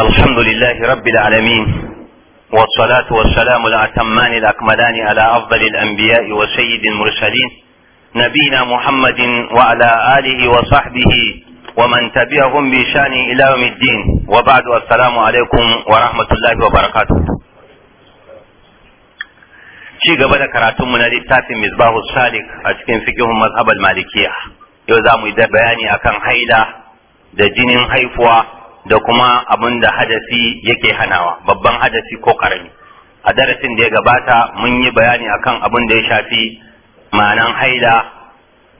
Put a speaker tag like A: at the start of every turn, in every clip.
A: الحمد لله رب العالمين والصلاة والسلام الأتمان الأكملان على أفضل الأنبياء وسيد المرسلين نبينا محمد وعلى آله وصحبه ومن تبعهم بشان إلى يوم الدين وبعد السلام عليكم ورحمة الله وبركاته شيء قبل كراتم من na littafin misbahu salik a مذهب المالكية يوزا ميدا بياني أكان mu دجين bayani da kuma abin da hadasi yake hanawa babban hadasi ko karami a darasin da ya gabata mun yi bayani akan abin da ya shafi ma'anan haida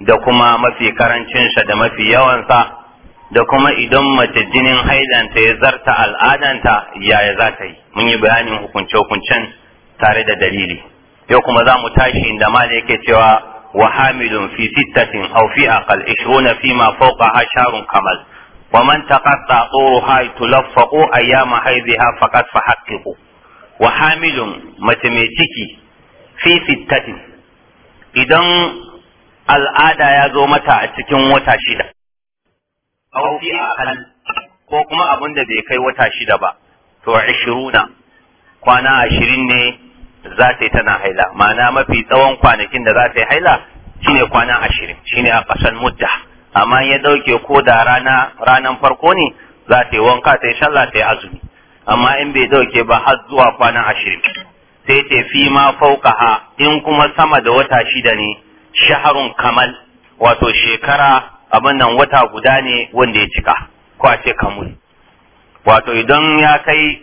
A: da kuma mafi karancinsa da mafi yawansa da kuma idan mace jinin ta ya zarta al'adanta yaya za ta yi mun yi bayanin hukunce-hukuncen tare da dalili yau kuma za mu tashi inda mali yake cewa wa hamilun fi sittatin aw fi aqal 20 fi ma fawqa kamal Wa manta ƙasa o ha tu lafaku, aya mu haifi wa hamilun ƙasa haƙƙi ku. Waha milun matamaitiki Idan al'ada ya zo mata a cikin wata shida, auke a kalli ko kuma abin da bai kai wata shida ba, to ishiruna kwana ashirin ne za sai tana haila, ma'ana mafi tsawon kwanakin da za ta haila shine kwana ashirin, shine a akasar mudda amma ya dauke ko da rana ranan farko ne za ta yi wanka ta yi sallah ta yi azumi amma in bai dauke ba har zuwa kwana ashirin sai ta fi ma fauka ha in kuma sama da wata shida ne shaharun kamal wato shekara abin nan wata guda ne wanda ya cika ko a ce kamul wato idan ya kai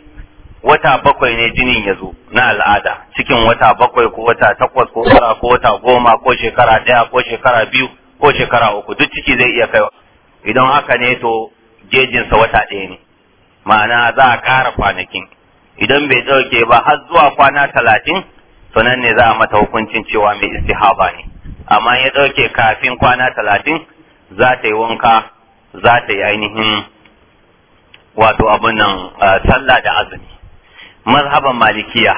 A: wata bakwai ne jinin ya zo na al'ada cikin wata bakwai ko wata takwas ko tara ko wata goma ko shekara ɗaya ko shekara biyu ko shekara uku duk ciki zai iya kaiwa idan haka ne to jejinsa wata ɗaya ne ma'ana za a ƙara kwanakin idan bai ɗauke ba har zuwa kwana talatin to nan ne za a mata hukuncin cewa mai istihaba ne amma ya ɗauke kafin kwana talatin za ta yi wanka za ta yi ainihin wato abin nan sallah da azumi mazhaban malikiya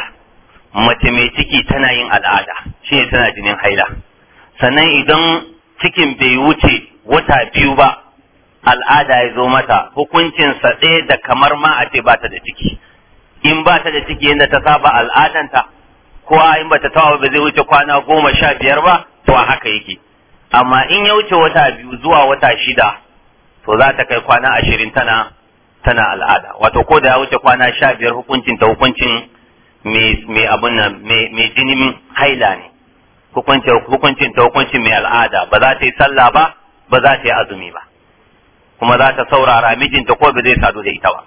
A: mace mai ciki tana yin al'ada shine tana jinin haila sannan idan cikin bai wuce wata biyu ba al'ada ya zo mata hukuncinsa ɗaya da kamar ma a ce ba ta da ciki in ba ta da ciki yadda ta saba al'adanta ko in ba ta tawa ba zai wuce kwana goma sha biyar ba to a haka yake amma in ya wuce wata biyu zuwa wata shida to za ta kai kwana ashirin tana tana al'ada wato ko da ya wuce kwana sha biyar hukuncin ta hukuncin mai abin nan mai jinin haila ne hukuncin ta hukuncin mai al'ada ba za ta yi sallah ba ba za ta yi azumi ba kuma za ta saurara mijinta ko ba zai sadu da ita ba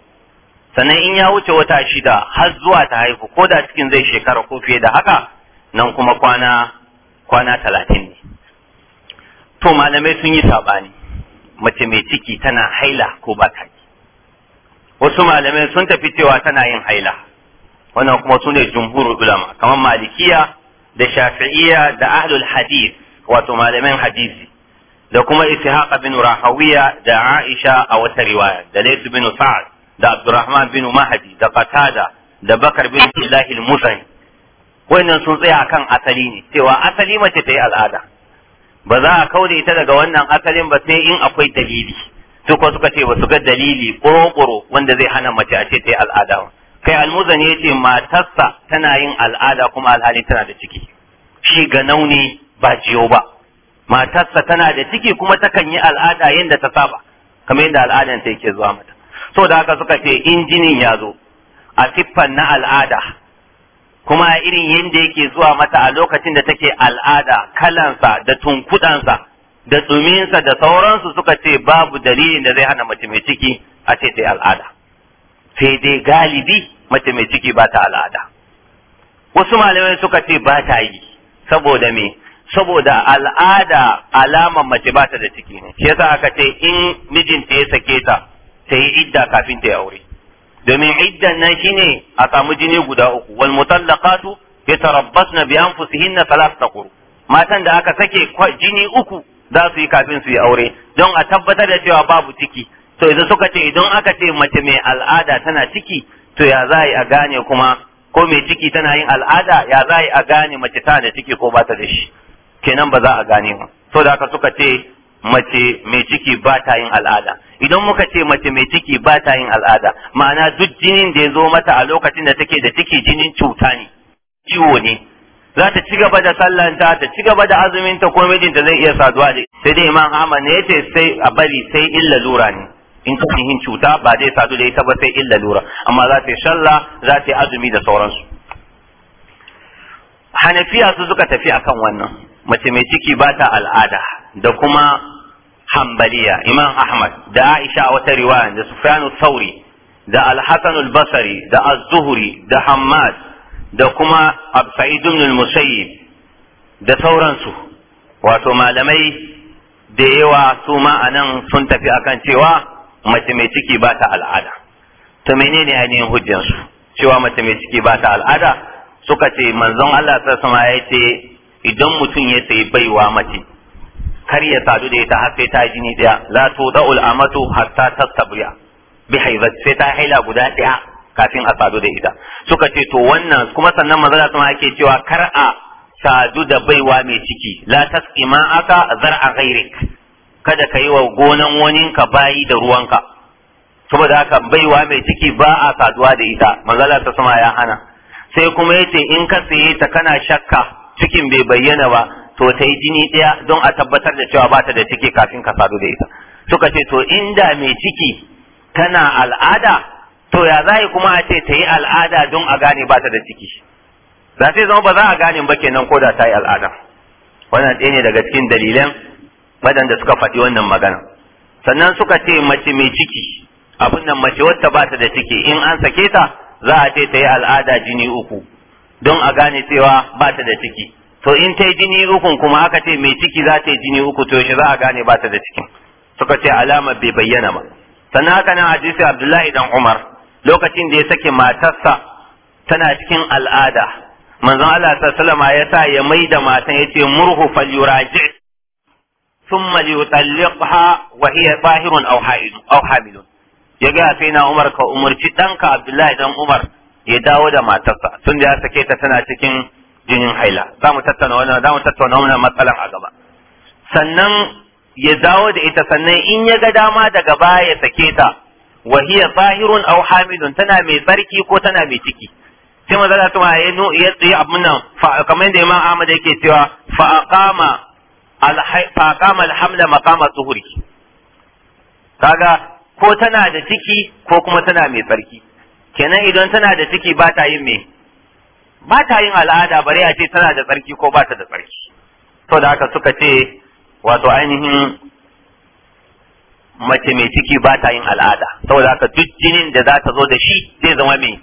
A: sannan in ya wuce wata shida har zuwa ta haihu ko da cikin zai shekara ko fiye da haka nan kuma kwana kwana talatin ne to malamai sun yi saɓani mace mai ciki tana haila ko ba ta wasu malamai sun tafi cewa tana yin haila wannan kuma su ne ulama kamar malikiya da shafi'iyya da ahlul hadis wato malaman hadisi da kuma ishaq bin rahawiya da aisha a wata riwaya da layth bin sa'ad da abdurrahman bin mahdi da qatada da bakar bin abdullah al-muzani wannan sun tsaya akan asali ne cewa asali mace ta yi al'ada ba za a kaure ita daga wannan asalin ba sai in akwai dalili su suka ce ba su ga dalili ƙoro wanda zai hana mace a ce ta yi al'ada ba kai ya ce matarsa tana yin al'ada kuma alhali tana da ciki shi ga nauni ba jiyo ba matarsa tana da ciki kuma takan yi al'ada yadda ta saba kamar yadda al'adan ta yake zuwa mata da haka suka ce injinin ya zo a siffan na al'ada kuma a irin yadda yake zuwa mata a lokacin da take al'ada kalansa da tunkudansa da tsuminsa da sauransu suka ce babu dalilin da zai hana mace mai ciki a ce sai al'ada sai dai galibi mace mai ciki ba ta al'ada wasu malamai suka ce ba ta yi saboda me saboda al'ada alama mace ba ta da ciki ne shi yasa aka ce in mijinta ya sake ta ta yi idda kafin ta yi aure domin iddan nan ne a samu jini guda uku wal mutallaqatu yatarabbasna na anfusihinna thalathata kuru matan da aka sake jini uku za su yi kafin su yi aure don a tabbatar da cewa babu ciki to idan suka ce idan aka ce mace mai al'ada tana ciki to ya za a gane kuma ko mai ciki tana yin al'ada ya za a gane mace ta da ciki ko ba ta da shi kenan ba za a gane ba so da haka suka ce mace mai ciki ba ta yin al'ada idan muka ce mace mai ciki ba ta yin al'ada ma'ana duk jinin da ya zo mata a lokacin da take da ciki jinin cuta ne ciwo ne za ta ci gaba da sallanta ta ci gaba da azumin ta ko mijinta zai iya saduwa da sai dai imam Ahmad ne yace sai a bari sai illa lura ne in ka yin cuta ba zai sadu da ita ba sai illa lura amma za ta yi shalla za ta yi azumi da sauransu hanafiya su suka tafi akan wannan mace mai ciki ba ta al'ada da kuma hambaliya imam ahmad da aisha a wata riwaya da sufyanu sauri da al-hasan da az-zuhri da hammad da kuma sa'id ibn musayyib da sauransu wato malamai da yawa su ma anan sun tafi akan cewa mace mai ciki ba ta al'ada ta menene ainihin hujjansu cewa mace mai ciki ba ta al'ada suka ce manzon Allah sama ya ce idan mutum ya sayi baiwa mace kar ya sadu da ita har sai ta jini daya la tu da'ul amatu hatta tastabriya bi haizat sai ta haila guda daya kafin a sadu da ita suka ce to wannan kuma sannan manzon Allah sassama yake cewa kar a sadu da baiwa mai ciki la tasqima aka zar'a ghairik kada ka yi wa gonan wani ka bayi da ruwanka saboda haka baiwa mai ciki ba a saduwa da ita manzala ta sama ya hana sai kuma yace in ka saye ta kana shakka cikin bai bayyana ba to ta yi jini ɗaya don a tabbatar da cewa ba da ciki kafin ka sadu da ita suka ce to inda mai ciki tana al'ada to ya za kuma a ce ta yi al'ada don a gane ba da ciki za sai zama ba za a gane ba kenan ko da ta yi al'ada wannan ɗaya ne daga cikin dalilan waɗanda suka faɗi wannan magana sannan suka ce mace mai ciki abin nan mace wadda ba ta da ciki in an sake ta za a ce ta yi al'ada jini uku don a gane cewa ba ta da ciki to in ta yi jini ukun kuma aka ce mai ciki za ta yi jini uku to shi za a gane ba ta da cikin suka ce alama bai bayyana ba sannan haka nan hadisi abdullahi dan umar lokacin da ya sake matarsa tana cikin al'ada manzon Allah sallallahu alaihi ya sa ya maida matan ce murhu yuraji ثم ليطلقها وهي طاهر أو حائل أو حامل يجا فينا عمر كعمر جدنك عبد الله بن عمر ya dawo da matarsa tun da ya sake ta tana cikin jinin haila za mu tattauna wannan za mu tattauna wannan matsalan a gaba sannan ya dawo da ita sannan in ya ga dama daga baya ya sake ta wa hiya zahirun aw hamilun tana mai tsarki ko tana mai ciki sai manzo Allah ya no ya tsaye abun nan fa kamar da Imam Ahmad yake cewa fa aqama fa kama alhamla maqama zuhri kaga ko tana da ciki ko kuma tana mai tsarki kenan idan tana da ciki ba ta yin mai. ba ta yin al'ada bare a ce tana da tsarki ko ba ta da tsarki to da haka suka ce wato ainihin mace mai ciki ba ta yin al'ada saboda haka duk jinin da za ta zo da shi zai zama mai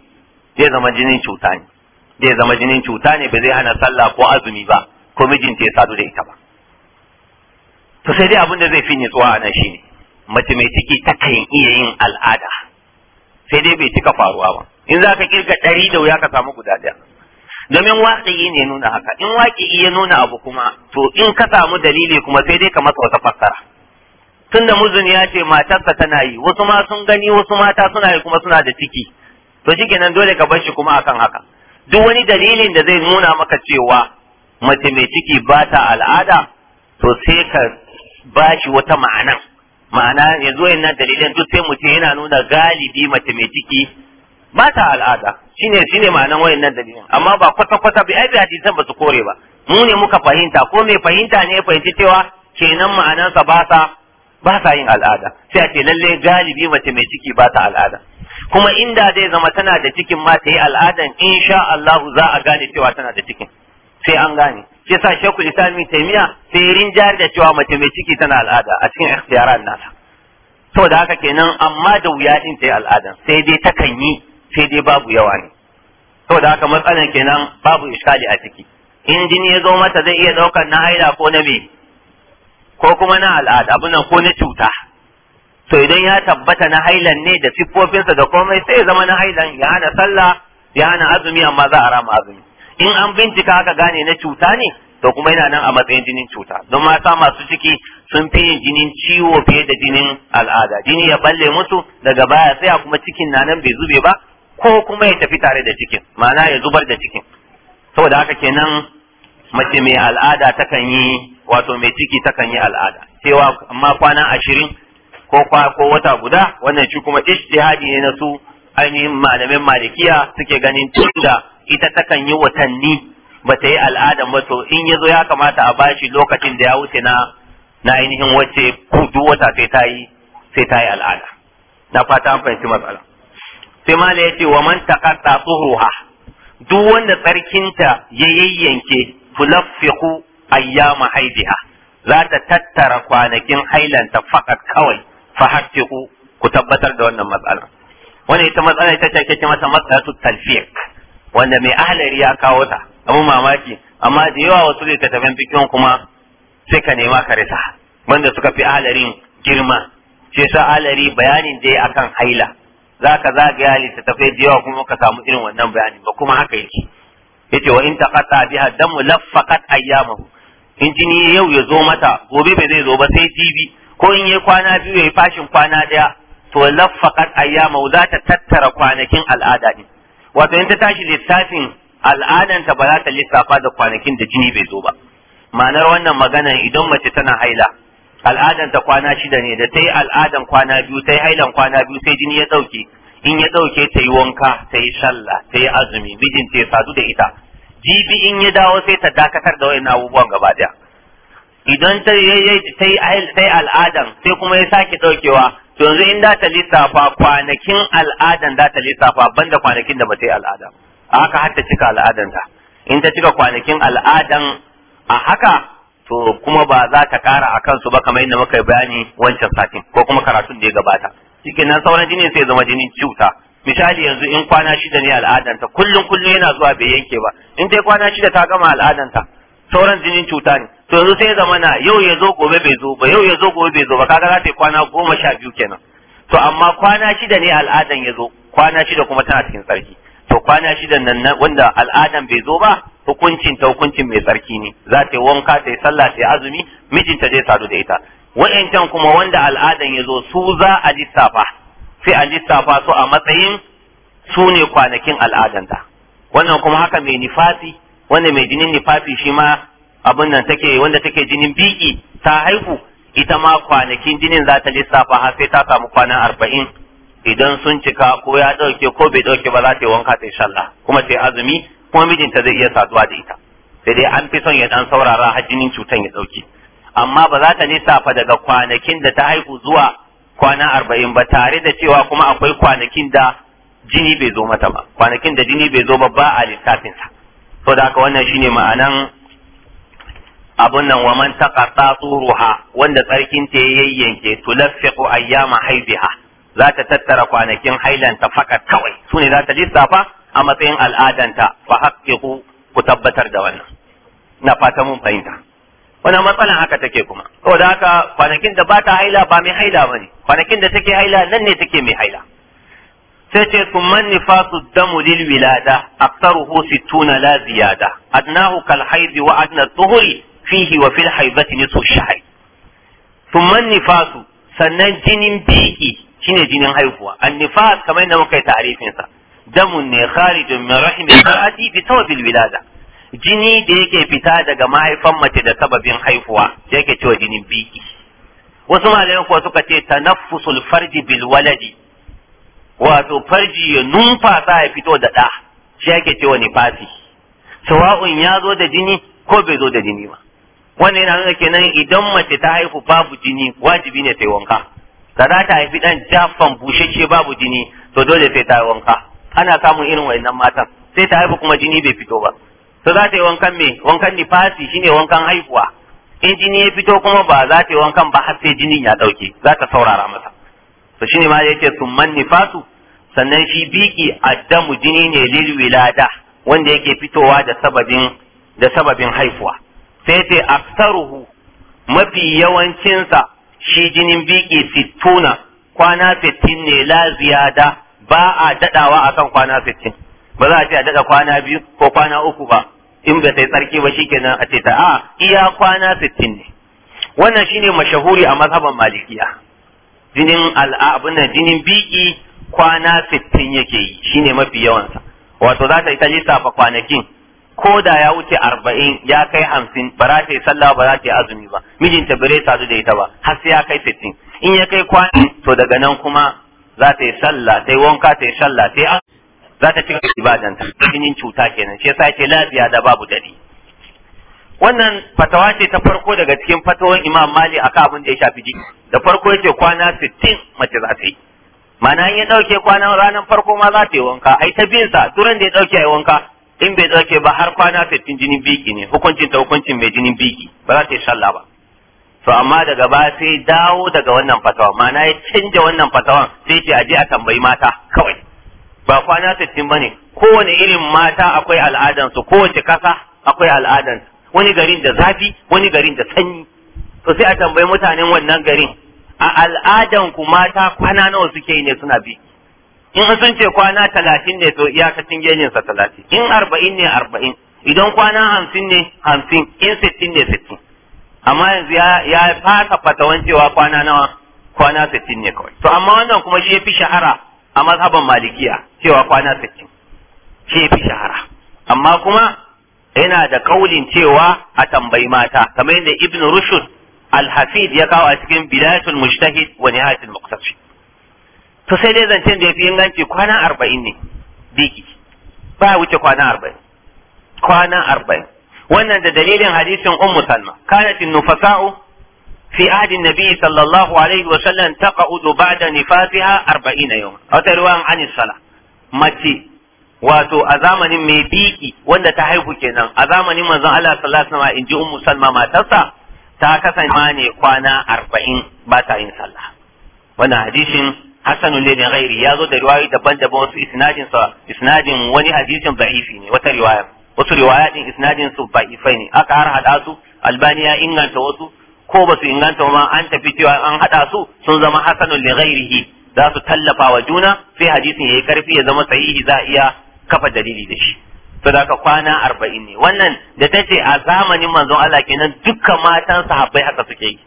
A: zai zama jinin cuta ne zai zama jinin cuta ne ba zai hana sallah ko azumi ba ko mijinta ya sadu da ita ba to sai dai abin da zai fi nutsuwa a nan shine mace mai ciki ta kan iya yin al'ada sai dai bai cika faruwa ba in za ka kirga ɗari da wuya ka samu guda ɗaya domin waƙi ne nuna haka in waƙi ya nuna abu kuma to in ka samu dalili kuma sai dai ka masa wata fassara da muzun ya ce matarsa tana yi wasu ma sun gani wasu mata suna yi kuma suna da ciki to kenan dole ka bar shi kuma akan haka duk wani dalilin da zai nuna maka cewa mace mai ciki ba ta al'ada to sai ka ba shi wata ma'anan ma'ana yanzu wayannan dalilin duk sai mutum yana nuna galibi mace mai ciki ba ta al'ada shine shine ma'anan wayannan dalilin amma ba kwata kwata bi ai hadisan ba su kore ba mu ne muka fahimta ko mai fahimta ne ya fahimci cewa kenan ma'anansa ba sa ba sa yin al'ada sai a ce lalle galibi mace mai ciki ba ta al'ada kuma inda zai zama tana da cikin ma ta yi al'adan insha Allah za a gane cewa tana da cikin sai an gane shi yasa shekul islam ibn taymiya sai rinjayar da cewa mace mai ciki tana al'ada a cikin ikhtiyaran nasa saboda haka kenan amma da wuya din ta yi sai dai takan yi sai dai babu yawa ne saboda haka matsalan kenan babu iskali a ciki in jini ya zo mata zai iya daukar na haila ko na me ko kuma na al'ada abu nan ko na cuta to idan ya tabbata na hailan ne da siffofinsa da komai sai ya zama na hailan ya hana sallah ya hana azumi amma za a rama azumi in an bincika aka gane na cuta ne to kuma yana nan a matsayin jinin cuta don mata masu ciki sun fi yin jinin ciwo fiye da jinin al'ada jini ya balle musu daga baya tsaya kuma cikin na nan bai zube ba ko kuma ya tafi tare da cikin ma'ana ya zubar da cikin saboda haka kenan mace mai al'ada takan yi wato mai ciki takan yi al'ada cewa amma kwana ashirin ko ko wata guda wannan shi kuma ishtihadi ne na su ainihin malamin malikiya suke ganin tunda ita takan yi watanni ba ta yi al'adan ba to in ya zo ya kamata a bashi lokacin da ya wuce na na ainihin wace duk wata sai ta yi sai ta yi al'ada na fata an fahimci matsala sai mala ya ce wa man taqatta tsuhuha duk wanda tsarkinta ya yayyanke tulaffiqu ayyama haidiha za ta tattara kwanakin hailanta fakat kawai fa hattiku ku tabbatar da wannan matsala wannan ita matsala ita ce ake mata matsalatu talfiq wanda mai ahlari ya kawo ta abun mamaki amma da yawa wasu littattafan bikin kuma sai ka nema ka rasa. wanda suka fi ahlarin girma shi sa ahlari bayanin da akan haila za ka zagaya littattafai da yawa kuma ka samu irin wannan bayani ba kuma haka yake yace wa in taqata biha damu laffaqat ayyamahu in jini yau ya zo mata gobe bai zai zo ba sai jibi ko in yi kwana biyu ya yi fashin kwana daya to laffaqat ayyamahu za ta tattara kwanakin al'ada din wato in ta tashi lissafin ta ba za ta lissafa da kwanakin da jini bai zo ba ma'anar wannan maganan idan mace tana haila ta kwana shida ne da ta yi al'adan kwana biyu ta yi hailan kwana biyu sai jini ya ɗauke in ya dauke ta yi wanka ta yi sallah ta yi azumi mijinta ya sadu da ita jibi in ya dawo sai ta dakatar da wayan abubuwan gaba daya idan ta yi al'adan sai kuma ya sake ɗaukewa to yanzu in da ta lissafa kwanakin al'adan da ta lissafa banda kwanakin da ba ta yi al'ada a haka har ta cika al'adanta in ta cika kwanakin al'adan a haka to kuma ba za ta kara a kansu ba kamar yadda muka bayani wancan satin ko kuma karatun da ya gabata cikin nan sauran jini sai zama jinin cuta misali yanzu in kwana shida ne al'adanta kullum kullum yana zuwa bai yanke ba in dai kwana shida ta gama al'adanta sauran jinin cuta ne to yanzu sai zama na yau ya zo gobe bai zo ba yau ya zo gobe bai zo ba kaga za ta yi kwana goma sha biyu kenan to amma kwana shida ne al'adan ya zo kwana shida kuma tana cikin tsarki to kwana shida nan wanda al'adan bai zo ba hukuncin ta hukuncin mai tsarki ne za ta yi wanka ta yi sallah ta yi azumi mijinta zai sadu da ita wa'yancan kuma wanda al'adan ya zo su za a lissafa sai a lissafa su a matsayin su ne kwanakin al'adanta wannan kuma haka mai nifasi wanda mai jinin nifasi shi ma abin nan take wanda take jinin biki ta haihu ita ma kwanakin jinin za ta lissafa har sai ta samu kwana arba'in idan sun cika ko ya ɗauke ko bai ɗauke ba za ta yi wanka ta insha Allah kuma sai azumi kuma mijinta zai iya saduwa da ita sai dai an fi son ya dan saurara har jinin cutan ya ɗauki. amma ba za ta lissafa daga kwanakin da ta haihu zuwa kwana arba'in ba tare da cewa kuma akwai kwanakin da jini bai zo mata ba kwanakin da jini bai zo ba ba a lissafinsa Sau da haka wannan shine ma'anan abun nan wa man taqatta turuha wanda tsarkin ta yayyanke tulaffiqu ayyama haidiha za ta tattara kwanakin hailan ta fakat kawai su ne za ta lissafa a matsayin al'adanta fa haqqiqu ku tabbatar da wannan na fata mun fahimta wani matsalan haka take kuma saboda haka kwanakin da ba ta haila ba mai haila bane kwanakin da take haila nan ne take mai haila sai ce kuma nifasu damu lil wilada aktaruhu sittuna la ziyada adnahu kal haidi wa adna tuhuri fihi wa fil haibati nisu shahri thumma nifasu sannan jinin biki shine jinin haihuwa an nifas kamar yadda muka yi ta'arifin sa damun ne kharijun min rahimil mar'ati bi sababil wilada jini da yake fita daga mahaifan mace da sababin haihuwa yake cewa jinin biki wasu malaman kuwa suka ce tanaffusul farji bil waladi wato farji ya numfasa ya fito da ɗa shi yake cewa nifasi sawa'un ya zo da jini ko bai zo da jini ba wannan yana nuna kenan idan mace ta haihu babu jini wajibi ne ta yi wanka da za ta haifi dan jafan bushashe babu jini to dole sai ta yi wanka ana samun irin wayannan matan sai ta haifu kuma jini bai fito ba to za ta yi wankan me wankan nifasi shine wankan haihuwa in jini ya fito kuma ba za ta yi wankan ba har sai jinin ya dauke za ta saurara masa to shine ma yake summan nifasu sannan shi biki addamu jini ne lil wilada wanda yake fitowa da sababin da sababin haihuwa sai ce aktaruhu mafi yawancinsa shi jinin biki sittuna kwana sittin ne la ziyada ba a dadawa akan kwana sittin ba za a ce a dada kwana biyu ko kwana uku ba in ba sai tsarki ba shikenan a ce ta a iya kwana sittin ne wannan shine mashahuri a mazhaban malikiya jinin al'a jinin biki kwana sittin yake yi shine mafi yawansa wato za ta yi ta lissafa kwanakin ko da ya wuce arba'in ya kai hamsin ba za ta yi sallah ba za ta yi azumi ba mijinta bare ta da ita ba har sai ya kai sittin in ya kai kwana to daga nan kuma za ta yi sallah ta yi wanka ta yi sallah ta yi za ta cika ibadanta jinin cuta kenan shi yasa yake lafiya da babu dadi wannan fatawa ce ta farko daga cikin fatawan imam mali akan abin da ya shafi jiki da farko yake kwana sittin mace za ta yi mana in ya ɗauke kwanan ranar farko ma za ta yi wanka ai ta bin sa duran da ya ɗauke yi wanka in bai zarke ba har kwana fiftin jinin biki ne hukuncin ta hukuncin mai jinin biki ba za ta yi sallah ba to amma daga ba sai dawo daga wannan fatawa ma'ana ya canja wannan fatawan sai ce aje a tambayi mata kawai ba kwana sittin ne kowane irin mata akwai al'adan su kowace kasa akwai al'adan wani garin da zafi wani garin da sanyi to sai a tambayi mutanen wannan garin a al'adan ku mata kwana nawa suke ne suna biki in sun ce kwana talatin ne to iyakacin sa talatin in arba'in ne arba'in idan kwana hamsin ne hamsin in sittin ne sittin amma yanzu ya fasa fatawan cewa kwana nawa kwana sittin ne kawai to amma wannan kuma shi ya fi shahara a mazhaban malikiya cewa kwana sittin shi ya fi shahara amma kuma yana da kaulin cewa a tambayi mata kamar yadda ibn Rushud al-hafid ya kawo a cikin bidayatul mujtahid wa nihayatul muqtasid to sai dai zancen da ya fi inganci kwana arba'in ne biki ba wuce kwana arba'in kwana arba'in wannan da dalilin hadisin ummu salma kanat nufasa'u fi ahdi nabi sallallahu alaihi wa sallam taqa'udu ba'da nifasiha 40 yawm wata ruwan an sala mace wato a zamanin mai biki wanda ta haihu kenan a zamanin manzon Allah sallallahu alaihi wa sallam inji ummu salma matarsa ta kasance ne kwana arba'in ba ta yin sallah wannan hadisin hasanun ne da ya zo da riwayoyi daban-daban wasu isnadin sa wani hadisin da'ifi ne wata riwaya wasu riwaya din isnadin su da'ifai ne aka har hada su albani ya inganta wasu ko ba su inganta ma an tafi cewa an haɗa su sun zama hasanun li ghairihi za su tallafa juna sai hadisin yi karfi ya zama sahihi za a iya kafa dalili da shi sadaka kwana arba'in ne wannan da ta ce a zamanin manzon Allah kenan dukkan matan sahabbai haka suke yi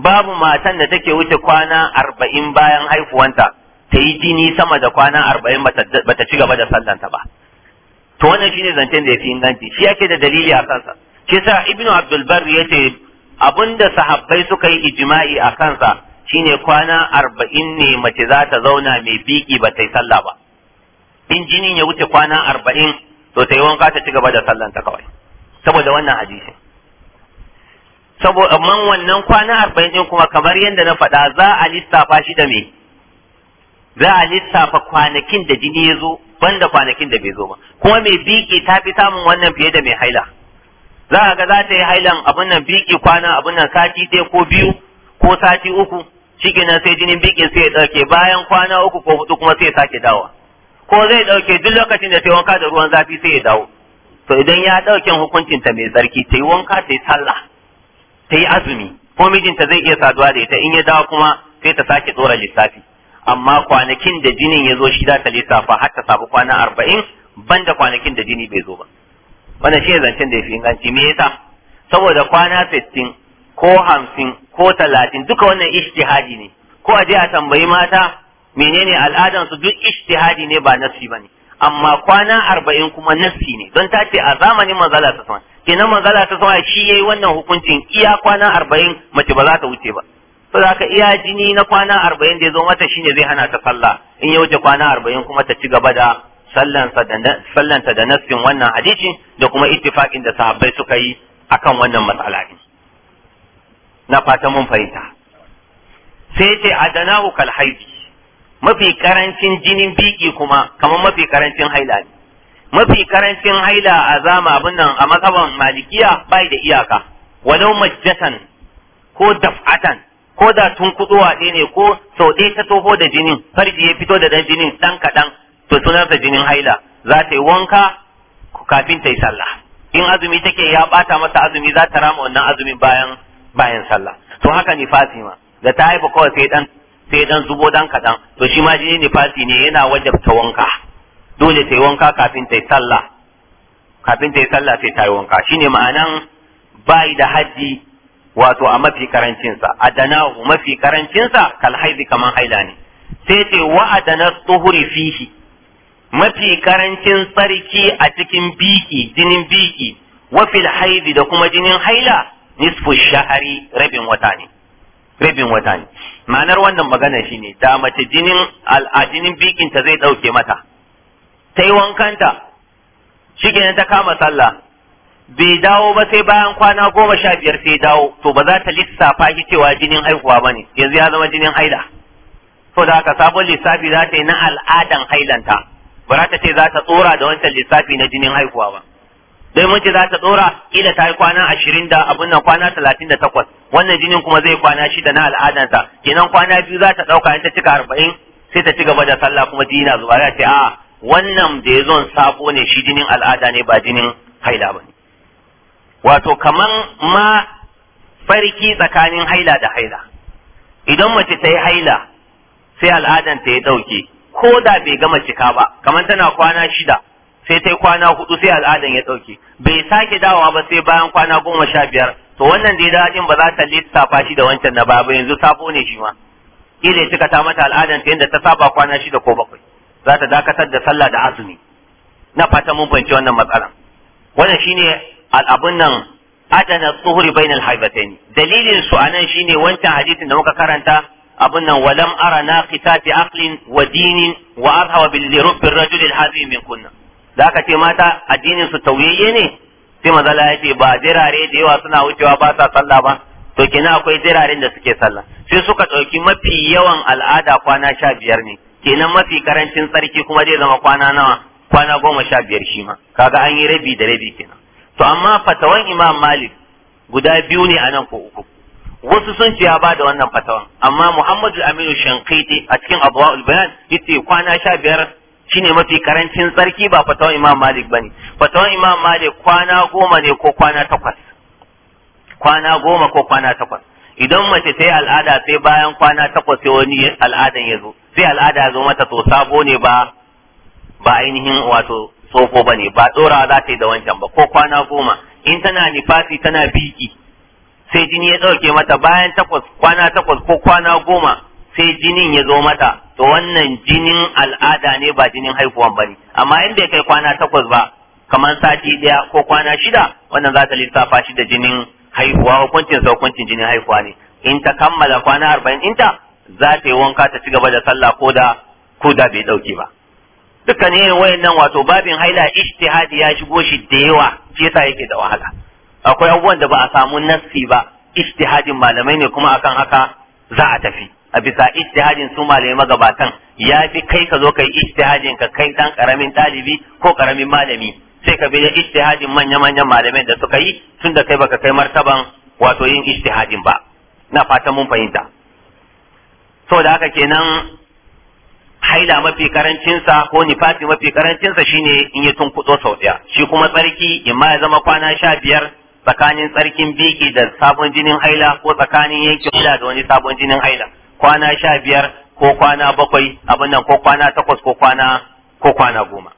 A: babu matan da take wuce kwana arba'in bayan haihuwanta ta yi jini sama da kwana arba'in bata ci gaba da sallanta ba to wannan shi ne zancen da ya fi inganci shi yake da dalili a kansa shi sa ibnu ya ce abun da sahabbai suka yi ijima'i a kansa shi ne kwana arba'in ne mace za ta zauna mai biki ba ta yi sallah ba in jinin ya wuce kwana arba'in to ta yi wanka ta ci gaba da sallanta kawai saboda wannan hadisin saboda man wannan kwana arba'in din kuma kamar yadda na faɗa za a lissafa shi da me za a lissafa kwanakin da jini ya zo banda kwanakin da bai zo ba kuma mai biki ta fi samun wannan fiye da mai haila za a ga za ta yi hailan abin nan biki kwana abin nan sati ɗaya ko biyu ko sati uku shikenan sai jinin bikin sai ya ɗauke bayan kwana uku ko hudu kuma sai ya sake dawa ko zai ɗauke duk lokacin da ta wanka da ruwan zafi sai ya dawo to idan ya ɗauke hukuncin ta mai tsarki ta yi wanka ta yi sallah ta yi azumi ko mijinta zai iya saduwa da ita in ya dawo kuma sai ta sake tsora lissafi amma kwanakin da jinin ya zo shi za ta lissafa har ta sabu kwana arba'in ban da kwanakin da jini bai zo ba wannan shi zancen da ya fi inganci me yasa saboda kwana sittin ko hamsin ko talatin duka wannan ishtihadi ne ko a je a tambayi mata menene al'adansu duk ijtihadi ne ba ba ne. amma kwana arba'in kuma nafsi ne don ta ce a zamanin manzala ta sama kenan manzala ta sama shi yayi wannan hukuncin iya kwana arba'in mace ba za ta wuce ba to da iya jini na kwana arba'in da ya zo mata shine zai hana ta sallah in ya wuce kwana arba'in kuma ta ci gaba da sallanta da nafsin wannan hadisi da kuma ittifaqin da sahabbai suka yi akan wannan matsala din na fata mun fahimta sai ce adanahu kal haidi mafi karancin jinin biki kuma kamar mafi karancin haila ne mafi karancin haila a zama abin nan a makaban malikiya bai da iyaka walau majjatan ko daf'atan ko da tun kuduwa ɗaya ne ko sau ɗaya ta toho da jinin farji ya fito da dan jinin ɗan kaɗan to sunansa jinin haila za ta yi wanka kafin ta yi sallah in azumi take ya bata masa azumi za ta rama wannan azumin bayan bayan sallah to haka ne fatima da ta haifa kawai sai dan sai dan zubo dan kadan to shi ma jini nifasi ne yana wajabta wanka dole ta yi wanka kafin ta yi sallah kafin ta yi sallah sai ta yi wanka shine ma'anan bai da haddi wato a mafi karancinsa adanahu mafi karancinsa kal haidi kaman haila ne sai ce wa adana tuhuri fihi mafi karancin sarki a cikin biki jinin biki wa fil haidi da kuma jinin haila nisfu shahari rabin wata ne rabin wata ne ma'anar wannan magana shine da mace jinin al'ajinin bikinta zai ɗauke mata ta yi wankanta shi ta kama sallah bai dawo ba sai bayan kwana goma sha biyar sai dawo to ba za ta lissafa shi cewa jinin haihuwa ba ne yanzu ya zama jinin haila to da haka sabon lissafi za ta yi na al'adan hailanta ba za ta ce za ta tsora da wancan lissafi na jinin haihuwa ba dai mace za ta dora kila ta yi kwana ashirin da abun nan kwana talatin da takwas wannan jinin kuma zai kwana shida na al'adansa kenan kwana biyu za ta ɗauka in ta cika arba'in sai ta ci gaba da sallah kuma jini na zuba ya ce a wannan da ya zon sabo ne shi jinin al'ada ne ba jinin haila ba wato kaman ma farki tsakanin haila da haila idan mace ta yi haila sai al'adanta ya ɗauke ko da bai gama cika ba kamar tana kwana shida sai ta kwana hudu sai al'adan ya dauke bai sake dawowa ba sai bayan kwana goma sha biyar to wannan da ya dawo din ba za ta lissafa fashi da wancan na ba yanzu sabo ne shi ma kila cika ta mata al'adan ta yadda ta saba kwana shida ko bakwai za ta dakatar da sallah da azumi na fata mun fahimci wannan matsalan wannan shine al'abun nan adana tsuhuri bainal haibataini dalilin su anan shine wancan hadisin da muka karanta abun nan walam ara na bi aqlin wa dinin wa arhawa bil rabb rajul hazim min kunna da aka ce mata addinin su tauyayye ne sai mazala ya ce ba dirare da yawa suna wucewa ba sa sallah ba to kenan akwai jiraren da suke sallah sai suka ɗauki mafi yawan al'ada kwana sha biyar ne kenan mafi karancin tsarki kuma zai zama kwana nawa kwana goma sha biyar shi ma kaga an yi rabi da rabi kenan to amma fatawan imam malik guda biyu ne a nan ko uku wasu sun ce ya ba da wannan fatawan amma muhammadu aminu shankiti a cikin abuwa ulbayan yace kwana sha biyar shine mafi karancin tsarki ba fatawan imam malik ba ne. fatawan imam malik kwana goma ne ko kwana takwas kwana goma ko kwana takwas idan mace sai al'ada sai bayan kwana takwas sai wani al'adan ya zo sai al'ada ya zo mata to sabo ne ba ba ainihin wato tsofo ba ne ba tsorawa za ta yi da wancan ba ko kwana goma in tana nifasi tana biki sai jini ya ɗauke mata bayan takwas kwana takwas ko kwana goma sai jinin ya zo mata to wannan jinin al'ada ne ba jinin haihuwan ne, amma in bai kai kwana takwas ba kamar sati daya ko kwana shida wannan za ta lissafa shi da jinin haihuwa hukuncin sa jinin haihuwa ne in ta kammala kwana arba'in inta za ta yi wanka ta ci gaba da sallah ko da ko da bai dauke ba dukkan wayan wayannan wato babin haila ijtihadi ya shigo shi da yawa shi yasa yake da wahala akwai abubuwan da ba a samu nassi ba ijtihadin malamai ne kuma akan haka za a tafi a bisa ijtihadin su malamai magabatan ya fi kai ka zo kai ijtihadin ka kai dan karamin talibi ko karamin malami sai ka bi da ijtihadin manya manyan malamai da suka yi tun da kai baka kai martaban wato yin ijtihadin ba na fatan mun fahimta da haka kenan haila mafi karancinsa ko nifasi mafi karancinsa shine in ya tunkuɗo sau ɗaya shi kuma tsarki in ma ya zama kwana sha biyar tsakanin tsarkin biki da sabon jinin haila ko tsakanin yankin da wani sabon jinin haila kwana sha biyar ko kwana bakwai abin nan ko kwana takwas ko kwana ko kwana goma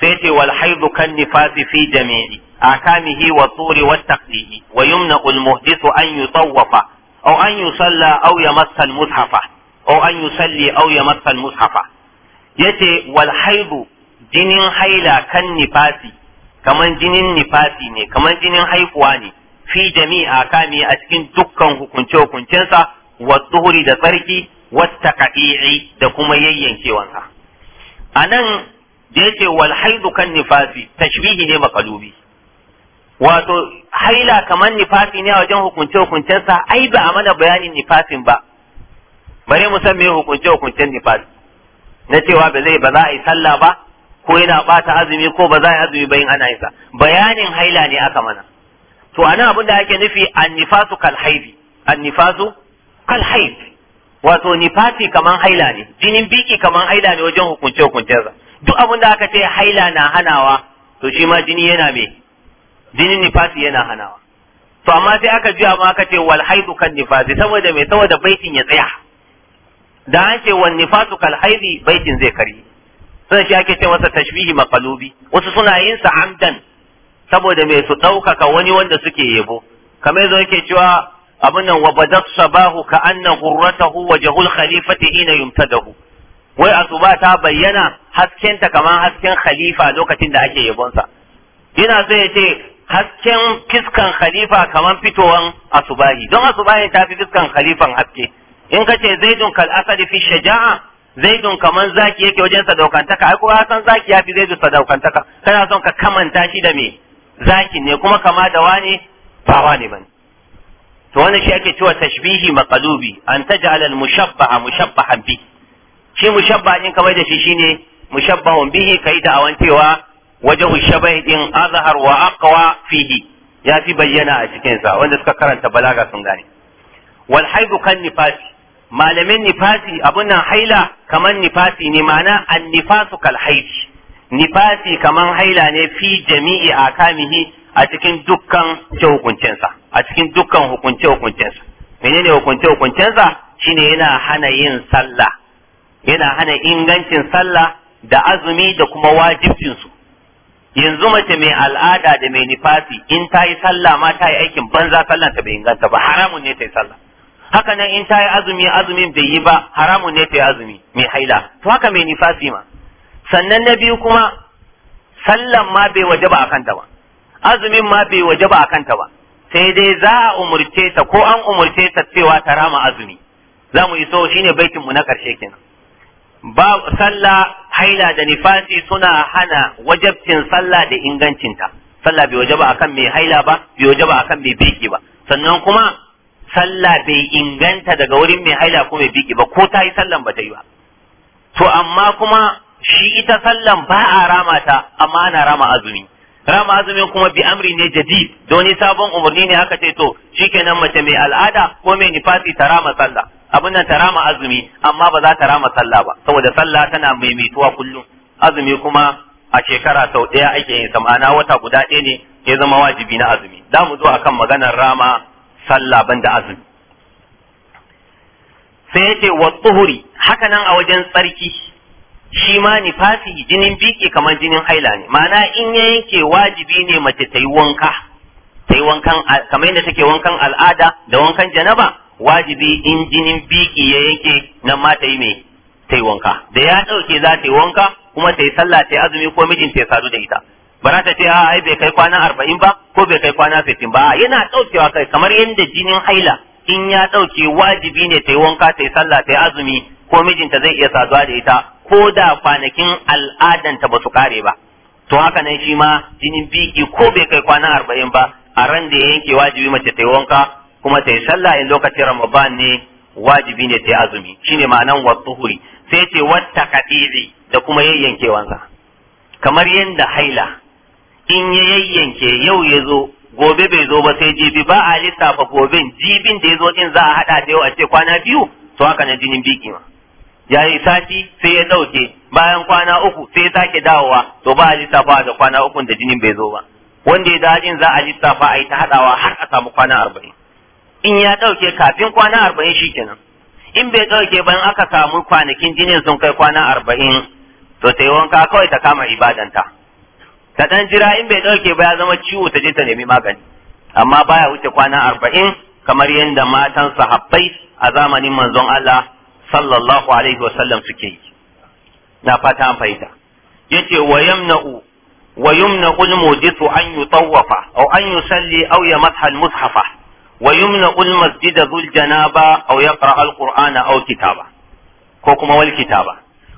A: sai ce wal haidu kan nifasi fi jami'i akamihi wa turi wa taqdihi wa yumna al muhdithu an yutawwafa aw an yusalla aw yamassa al mushafa aw an yusalli aw yamassa al mushafa yace wal haidu jinin haila kan nifasi kaman jinin nifasi ne kaman jinin haihuwa ne fi jami'a kami a cikin dukkan hukunce hukuncensa wasuhuri da tsarki wata ka'i'i da kuma yayyankewansa a nan da yace wal haidu kan nifasi tashbihi ne makalubi wato haila kamar nifasi ne a wajen hukunce hukuncensa ai ba a mana bayanin nifasin ba bare mu san me hukunce hukuncen nifasi na cewa ba zai ba za a yi sallah ba ko yana bata azumi ko ba za a yi azumi ba in ana yin sa bayanin haila ne aka mana to anan abin da ake nufi an nifasu kal haidi an nifasu kal haid wato nifasi kaman haila ne jinin biki kaman haila ne wajen hukunce za. duk abin da aka ce haila na hanawa to shi ma jini yana me jinin nifasi yana hanawa to amma sai aka juya ma aka ce wal haidu kan nifasi saboda me saboda baitin ya tsaya da an ce wal nifasu kal haidi baitin zai kare sai shi ake ce masa tashbihi maqalubi wasu suna yin sa amdan saboda me su ɗaukaka wani wanda suke yebo kamar yanzu yake cewa abin nan wa badat sabahu ka anna ghurratahu wa jahul khalifati hina yumtadahu wai asuba ta bayyana haskenta kamar hasken khalifa lokacin da ake yabonsa Ina so ya ce hasken fiskan khalifa kamar fitowan asubahi don asubahi ta fi fiskan khalifan haske in ka ce zaidun kal asali fi shaja'a zaidun kaman zaki yake wajen sadaukantaka ai ko san zaki ya fi zaidu sadaukantaka kana son ka kamanta shi da me zaki ne kuma kama da wani ba wani bane to wanda shi ake cewa tashbihi maqalubi an taj'al al mushabbaha mushabbahan bi shi mushabba din kamar da shi shine mushabbahun bihi kai da awantewa wajahu shabai din azhar wa aqwa fihi ya fi bayyana a cikin sa wanda suka karanta balaga sun gane wal haidu kan nifasi malamin nifasi abun nan haila kaman nifasi ne ma'ana an nifasu kal haidi nifasi kaman haila ne fi jami'i akamihi a cikin dukkan hukuncensa a cikin dukkan hukunce hukuncensa menene hukunce hukuncensa shine yana hana yin sallah yana hana ingancin sallah da azumi da kuma wajibcin yanzu mace mai al'ada da mai nifasi in ta yi sallah ma ta yi aikin banza sallah ta bai inganta ba haramun ne ta yi sallah haka nan in ta yi azumi azumin bai yi ba haramun ne ta yi azumi mai haila to haka mai nifasi ma sannan na biyu kuma sallan ma bai waje ba a kanta ba azumin ma bai waje ba a kanta ba sai dai za a umurce ta ko an umurce ta cewa ta rama azumi za mu iso shine ne mu na karshe kenan ba sallah haila da nifasi suna hana wajabcin sallah da ingancinta sallah bai wajaba kan mai haila ba bai wajaba kan mai biki ba sannan kuma sallah bai inganta daga wurin mai haila ko mai biki ba ko ta yi sallan ba ta yi ba to amma kuma shi ita sallan ba a rama ta amma ana rama azumi rama azumin kuma bi amri ne jadid doni sabon umarni ne aka ce to shikenan mace mai al'ada ko mai nifasi ta rama sallah abin nan ta rama azumi amma ba za ta rama sallah ba saboda sallah tana maimaituwa kullum azumi kuma a shekara sau ɗaya ake yin sa ma'ana wata guda ɗaya ne ya zama wajibi na azumi za mu zo akan maganar rama sallah banda azumi sai yace wa tsuhuri haka nan a wajen tsarki shi ma nifasi jinin biki kamar jinin haila ne ma'ana in ya yanke wajibi ne mace ta yi wanka ta yi wankan kamar yadda take wankan al'ada da wankan janaba wajibi in jinin biki ya yanke nan ma ta yi mai ta yi wanka da ya ɗauke za ta yi wanka kuma ta yi sallah ta yi azumi ko mijin ta sadu da ita ba za ta ce a bai kai kwana arba'in ba ko bai kai kwana fitin ba yana ɗaukewa kai kamar yadda jinin haila in ya ɗauke wajibi ne ta yi wanka ta yi sallah ta yi azumi ko mijinta zai iya saduwa da ita ko da kwanakin al'adanta ba su kare ba to haka nan shi ma jinin biki ko bai kai kwanan arba'in ba a ran da ya yanke wajibi mace ta yi wanka kuma ta yi sallah in lokacin ramadan ne wajibi ne ta yi azumi shine ma'anan watsuhuri sai ce wata kadiri da kuma wanka kamar yadda haila in ya yayyanke yau ya zo gobe bai zo ba sai jibi ba a lissafa goben jibin da ya zo in za a haɗa da yau a ce kwana biyu to haka na jinin biki ma ya yi sati sai ya ɗauke bayan kwana uku sai ya sake dawowa to ba a lissafa da kwana ukun da jinin bai zo ba wanda ya dajin za a lissafa a yi ta haɗawa har a samu kwana arba'in in ya ɗauke kafin kwana arba'in shi kenan in bai ɗauke bayan aka samu kwanakin jinin sun kai kwana arba'in to ta yi wanka kawai ta kama ibadanta ta ɗan jira in bai ɗauke ba ya zama ciwo ta je ta nemi magani amma baya wuce kwana arba'in kamar yadda matan sahabbai a zamanin manzon Allah sallallahu alaihi wasallam suke yi na fata an fahimta yace wa yamna'u wa yumna'u al-mudithu an yutawwafa aw an yusalli aw yamatha al-mushafa wa yumna'u al-masjida dhul janaba aw yaqra'a al-qur'ana aw kitaba ko kuma wal kitaba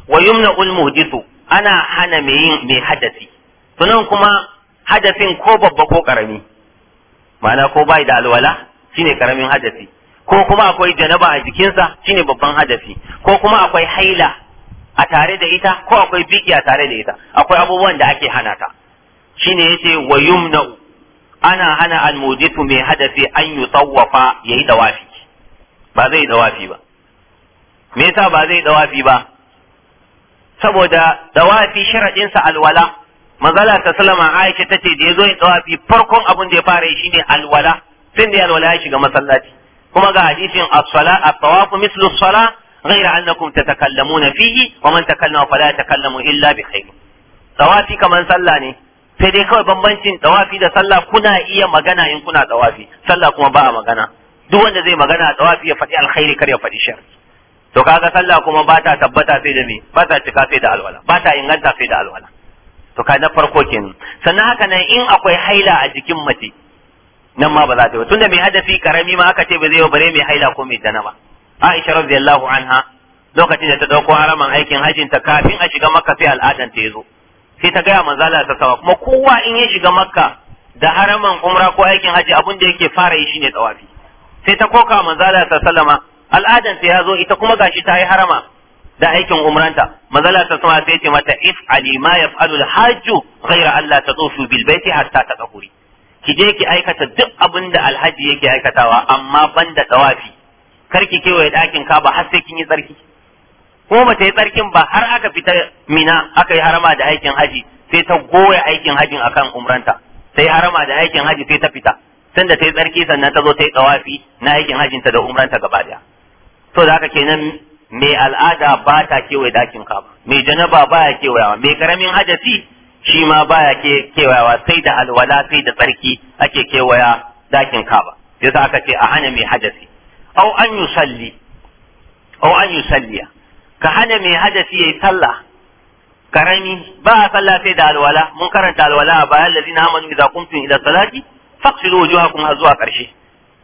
A: wa yumna'u al-muhdithu ana hana mai mai hadasi tunan kuma hadafin ko babba ko karami ma'ana ko bai da alwala shine karamin hadasi ko kuma akwai janaba a jikinsa shine babban hadafi ko kuma akwai haila a tare da ita ko akwai biki a tare da ita akwai abubuwan da ake hana ta shine yace wa yumna ana hana almujitu mai hadafi an ya yayi dawafi ba zai dawafi ba me yasa ba zai dawafi ba saboda dawafi sharadinsa alwala manzala ta salama Aisha tace da yazo yin dawafi farkon abun da ya fara yi shine alwala sai da alwala ya shiga masallaci kuma ga hadisin as-sala at-tawafu mislu as-sala ghayra annakum tatakallamuna fihi wa man takallama fala yatakallamu illa bi khair tawafi kaman sallah ne sai dai kawai bambancin tawafi da sallah kuna iya magana in kuna tawafi sallah kuma ba a magana duk wanda zai magana a tawafi ya faɗi alkhairi kar ya faɗi shar to kaga sallah kuma ba ta tabbata sai da me ba ta cika sai da alwala ba ta inganta sai da alwala to ka na farko kenan sannan haka nan in akwai haila a jikin mace nan ma ba za ta yi tunda mai hadafi karami ma aka ce ba zai yi bare mai haila ko mai dana ba Aisha radiyallahu anha lokacin da ta dauko haraman aikin hajjin ta kafin a shiga Makka sai al'adan ta yazo sai ta gaya manzo Allah ta kuma kowa in ya shiga Makka da haraman umra ko aikin haji abin da yake fara yi shine tawafi sai ta koka manzo Allah ta sallama al'adan ta yazo ita kuma gashi ta yi harama da aikin umranta manzo Allah ta sai ce mata if ali ma yaf'alu al-hajju ghayra alla tatufu bil baiti hatta taqhuri ki je ki aikata duk abin da alhaji yake aikatawa amma banda tawafi kar ki kewaye dakin ka ba har sai kin yi tsarki ko ba ta yi tsarkin ba har aka fita mina aka yi harama da aikin haji sai ta goya aikin hajin akan umranta sai harama da aikin haji sai ta fita sanda ta yi tsarki sannan ta zo ta yi tawafi na aikin hajinta da umranta gaba daya to da haka kenan mai al'ada ba ta kewaye dakin ka ba mai janaba ba ya kewayawa mai karamin hajati shi ma baya ke kewayawa sai da alwala sai da tsarki ake kewaya dakin kaba yasa aka ce a hana mai hadasi au an yusalli au an yusalliya ka hana mai hadasi yayi sallah karami ba a sallah sai da alwala mun karanta alwala a bayan lazina amanu idza kuntum ila salati faqsilu wujuhakum zuwa karshe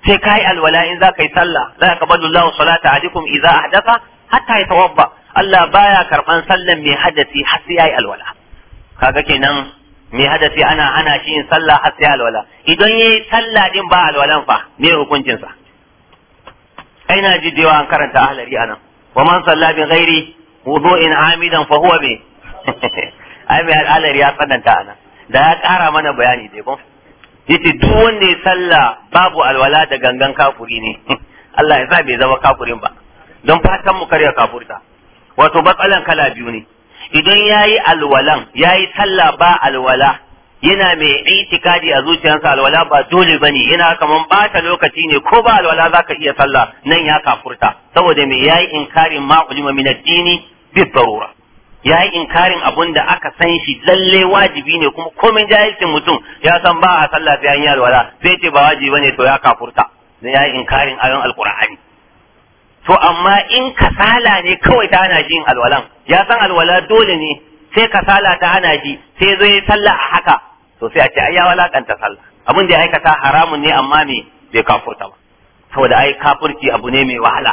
A: sai kai alwala in za ka yi sallah la yaqbalu Allahu salata alaikum idza ahdatha hatta yatawabba Allah baya karban sallan mai hadasi har sai yayi alwala kaga kenan me hadasi ana hana shi yin sallah har sai alwala idan yayi sallah din ba alwalan fa me hukuncin sa ai na ji dewa an karanta ahlari anan wa man salla bi ghairi wudu'in amidan fa huwa bi ai al'alari ya tsananta anan da ya kara mana bayani dai ko yace duk wanda ya sallah babu alwala da gangan kafuri ne Allah ya sa bai zama kafurin ba don fatan mu karya kafurta wato matsalan kala biyu ne idan yayi alwalan yayi sallah ba alwala yana mai itikadi a zuciyarsa alwala ba dole bane yana kaman bata lokaci ne ko ba alwala zaka iya sallah nan ya kafurta saboda ya yayi inkarin ma ulima min addini bi darura yayi inkarin abun da aka san shi lalle wajibi ne kuma komai jahilcin mutum ya san ba a sallah bayan ya yi alwala sai ce ba wajibi bane to ya kafurta ya yayi inkarin ayon alqur'ani to amma in kasala ne kawai ta hana shi yin alwalan ya san alwala dole ne sai kasala ta hana shi sai zai sallah a haka to sai a ce ai ya walakanta sallah abin da ya aikata haramun ne amma me bai kafurta ba saboda ai kafurci abu ne mai wahala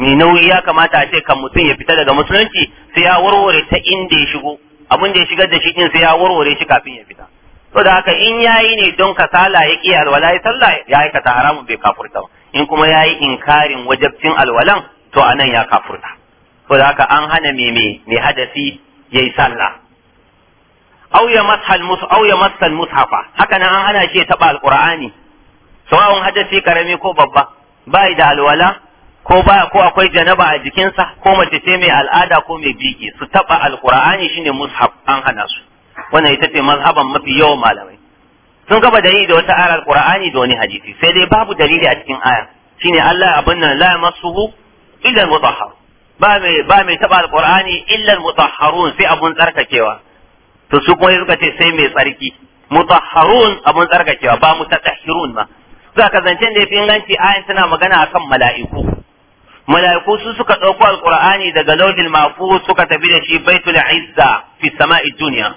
A: mai nauyi ya kamata a ce kan mutum ya fita daga musulunci sai ya warware ta inda ya shigo abin da ya shigar da shi din sai ya warware shi kafin ya fita saboda haka in yayi ne don kasala ya ƙi alwala ya sallah ya aikata haramun bai kafurta ba in kuma ya yi inkarin wajabcin alwalan to a nan ya kafurta to da haka an hana mai mai hadafi ya yi sallah auya ya masal mushafa haka nan an hana shi ya taɓa alƙur'ani sawa'un hadasi karami ko babba ba yi da alwala ko ba ko akwai janaba a jikinsa ko mace ce mai al'ada ko mai biki su taɓa alƙur'ani shine mushaf an hana su wannan ita ce mazhaban mafi yawan malamai sun gaba dalili da wata ayar alqur'ani da wani hadisi sai dai babu dalili a cikin ayar shine Allah abin nan la yamassuhu illa al-mutahhar ba mai ba mai taba alqur'ani illa al-mutahharun sai abun tsarkakewa to su kuma suka ce sai mai tsarki mutahharun abun tsarkakewa ba mutatahhirun ma za ka zancen da fi inganci ayan tana magana akan mala'iku mala'iku su suka ɗauko alqur'ani daga lauhil mahfuz suka tafi da shi baitul izza fi sama'i dunya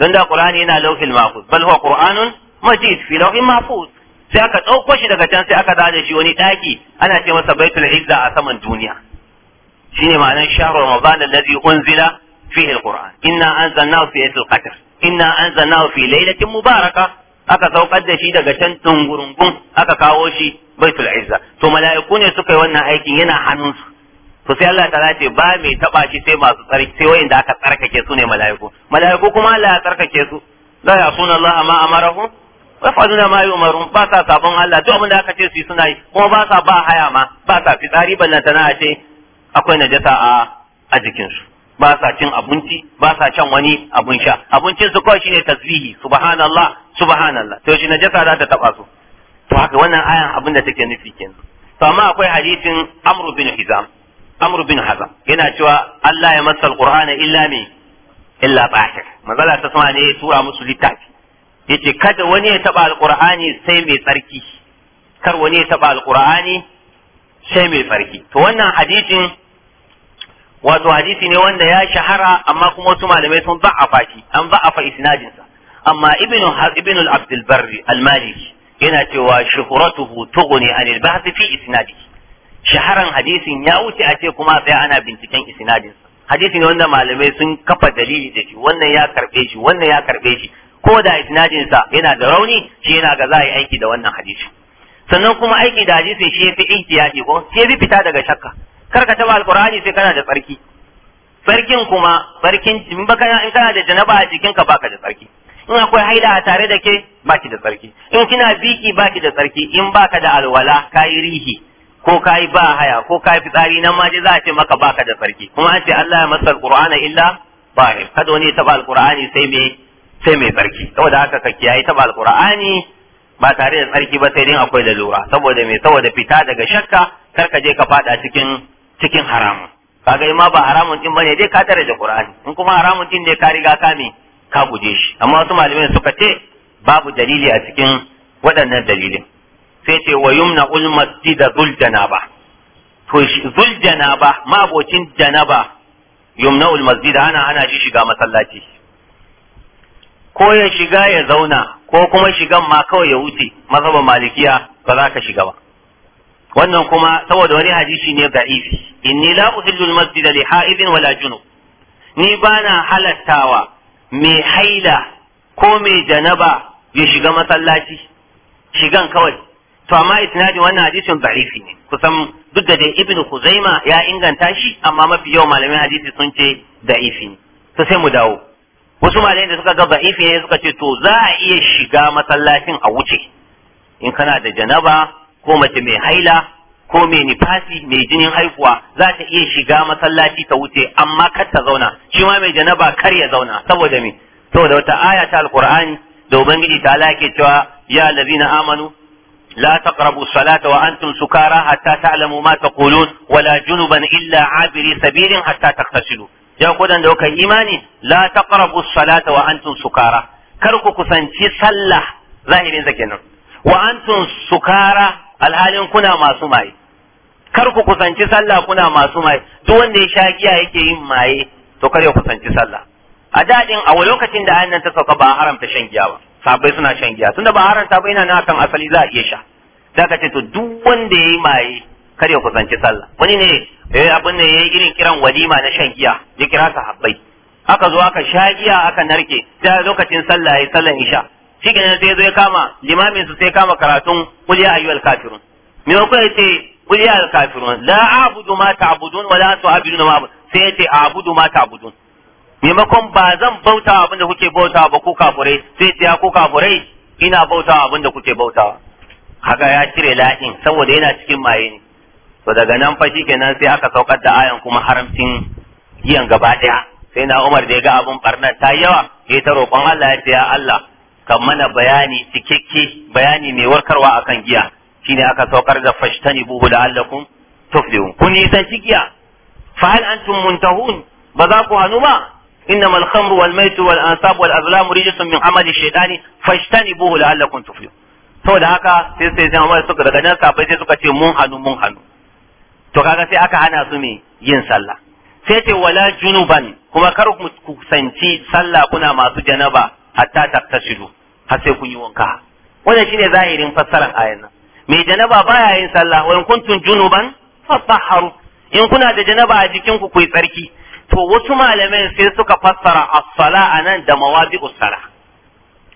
A: don da qur'ani yana lauhil mahfuz bal huwa qur'anun majid fi lauhin mahfuz sai aka ɗauko shi daga can sai aka da shi wani ɗaki ana ce masa baitul izza a saman duniya shine ma'anar shahru ramadan allazi unzila fihi alquran inna anzalnahu fi lailatul qadr inna anzalnahu fi laylatin mubaraka aka saukar da shi daga can dungurungun aka kawo shi baitul izza to mala'iku ne suka yi wannan aikin yana su. to sai Allah ta ce ba mai taba shi sai masu tsarki sai wayanda aka tsarkake su ne mala'iku mala'iku kuma Allah ya tsarkake su la yasuna Allah ma amarahu yafaluna ma yu'marun ba sa sabon Allah duk abin da aka ce su suna yi kuma ba sa ba haya ma ba sa fitsari ballantana a ce akwai najasa a a jikin su ba sa cin abinci ba sa cin wani abun sha abincin su kawai shine tasbihi subhanallah subhanallah to shi najasa za ta taba su to haka wannan ayan abin da take nufi kenan to amma akwai hadisin amru bin hizam amru bin hazam yana cewa Allah ya masa alqur'ana illa me illa bahir mazala ta sama ne ya tura musu littafi yace kada wani ya taba alqur'ani sai mai tsarki kar wani ya taba alqur'ani sai mai tsarki to wannan hadisin wato hadisi ne wanda ya shahara amma kuma wasu malamai sun za'afa shi an za'afa isnadinsa amma ibnu ibnu al-abdul barri al-maliki yana cewa shuhratuhu tughni anil bahth fi isnadihi shaharan hadisin ya wuce a ce kuma sai ana binciken isnadinsa hadisi ne wanda malamai sun kafa dalili da shi wannan ya karbe shi wannan ya karbe shi ko da isnadinsa yana da rauni shi yana ga za a yi aiki da wannan hadisi sannan kuma aiki da hadisi shi ya fi ko shi ya fita daga shakka kar ka taba alqur'ani sai kana da tsarki tsarkin kuma tsarkin in baka in kana da janaba a ka baka da tsarki in akwai haila a tare da ke baki da tsarki in kina biki baki da tsarki in baka da alwala kayi rihi ko kai ba haya ko kayi fitsari nan ma je za a ce maka baka da tsarki kuma an ce Allah ya masa alqur'ana illa bahir kada wani taba alqur'ani sai me sai mai tsarki saboda haka ka kiyaye taba alqur'ani ba tare da tsarki ba sai din akwai lura saboda mai saboda fita daga shakka kar ka je ka fada cikin cikin haramun kaga ma ba haramun din bane dai ka tare da qur'ani in kuma haramun din ne ka riga ka me ka guje shi amma wasu malamai suka ce babu dalili a cikin waɗannan dalilin sai ce wa yumna ul masjida zul janaba to zul janaba mabocin janaba yumna ul masjida ana ana shi shiga masallaci ko ya shiga ya zauna ko kuma shigan ma kawai ya wuce mazhaban malikiya ba za ka shiga ba wannan kuma saboda wani hadisi ne za'ifi inni la uhillu al-masjida li ha'idin wala junub ni bana halattawa mai haila ko mai janaba ya shiga masallaci shigan kawai to amma isnadin wannan hadisin da'ifi ne kusan duk da dai ibnu huzaima ya inganta shi amma mafi yawan malamin hadisi sun ce da'ifi ne to sai mu dawo wasu malayan da suka ga za'ifi ne suka ce to za a iya shiga masallacin a wuce in kana da janaba ko mace mai haila ko mai nifasi mai jinin haihuwa za ta iya shiga masallaci ta wuce amma kar ta zauna shi ma mai janaba kar ya zauna saboda me saboda wata aya ta alqur'ani da ubangiji ta ke cewa ya allazina amanu لا تقربوا الصلاة وأنتم سكارى حتى تعلموا ما تقولون ولا جنبا إلا عابري سبيل حتى تغتسلوا ya kudan da kuka imani la taqrabu salata wa antum sukara kar ku kusanci sallah zahirin sa kenan wa antum sukara alhalin kuna masu maye kar ku kusanci sallah kuna masu maye duk wanda ya sha giya yake yin maye to kar ya kusanci sallah a dadin a lokacin da ayan ta sauka ba haramta shan giya ba sabai suna shan giya tunda ba haramta ba ina na kan asali za a iya sha zaka ce to duk wanda yayi maye kar ya kusanci sallah wani ne eh abin ne yayi irin kiran walima na shan giya ya kira sahabbai aka zo aka sha giya aka narke sai lokacin sallah yayi sallan isha shi ne sai zo ya kama limamin su sai kama karatun kul ya ayyul kafirun me ko ce kul ya al kafirun la a'budu ma ta'budun wa la tu'abidu ma a'budu sai ce a'budu ma ta'budun maimakon ba zan bauta abin da kuke bauta ba ku kafurai sai ya ku kafurai ina bauta abin da kuke bauta haka ya cire la'in saboda yana cikin maye ne to daga nan fa shikenan sai aka saukar da ayan kuma haramcin giyan gaba daya sai na Umar da ya ga abun barnar ta yawa ya ta roƙon Allah ya ce ya Allah kan mana bayani cikakke bayani mai warkarwa akan giya shine aka saukar da fashtani buhu la'allakum tuflihun kun yi san giya fa hal antum muntahun ba za ku hanu ba إنما الخمر والميت والأنساب والأزلام رجس من عمل الشيطان فاجتنبوه لعلكم تفلحون saboda haka sai sai sai amma suka daga nan safai sai suka ce mun hannu mun hannu to kaga sai aka hana su me yin sallah sai ce wala junuban kuma kar ku kusanci sallah kuna masu janaba hatta taqtashidu har sai kun yi wanka wannan shine zahirin fassarar ayan nan mai janaba baya yin sallah wa in kuntum junuban fatahharu in kuna da janaba a jikin ku kuyi tsarki to wasu malamai sai suka fassara as-sala anan da mawadi'us sala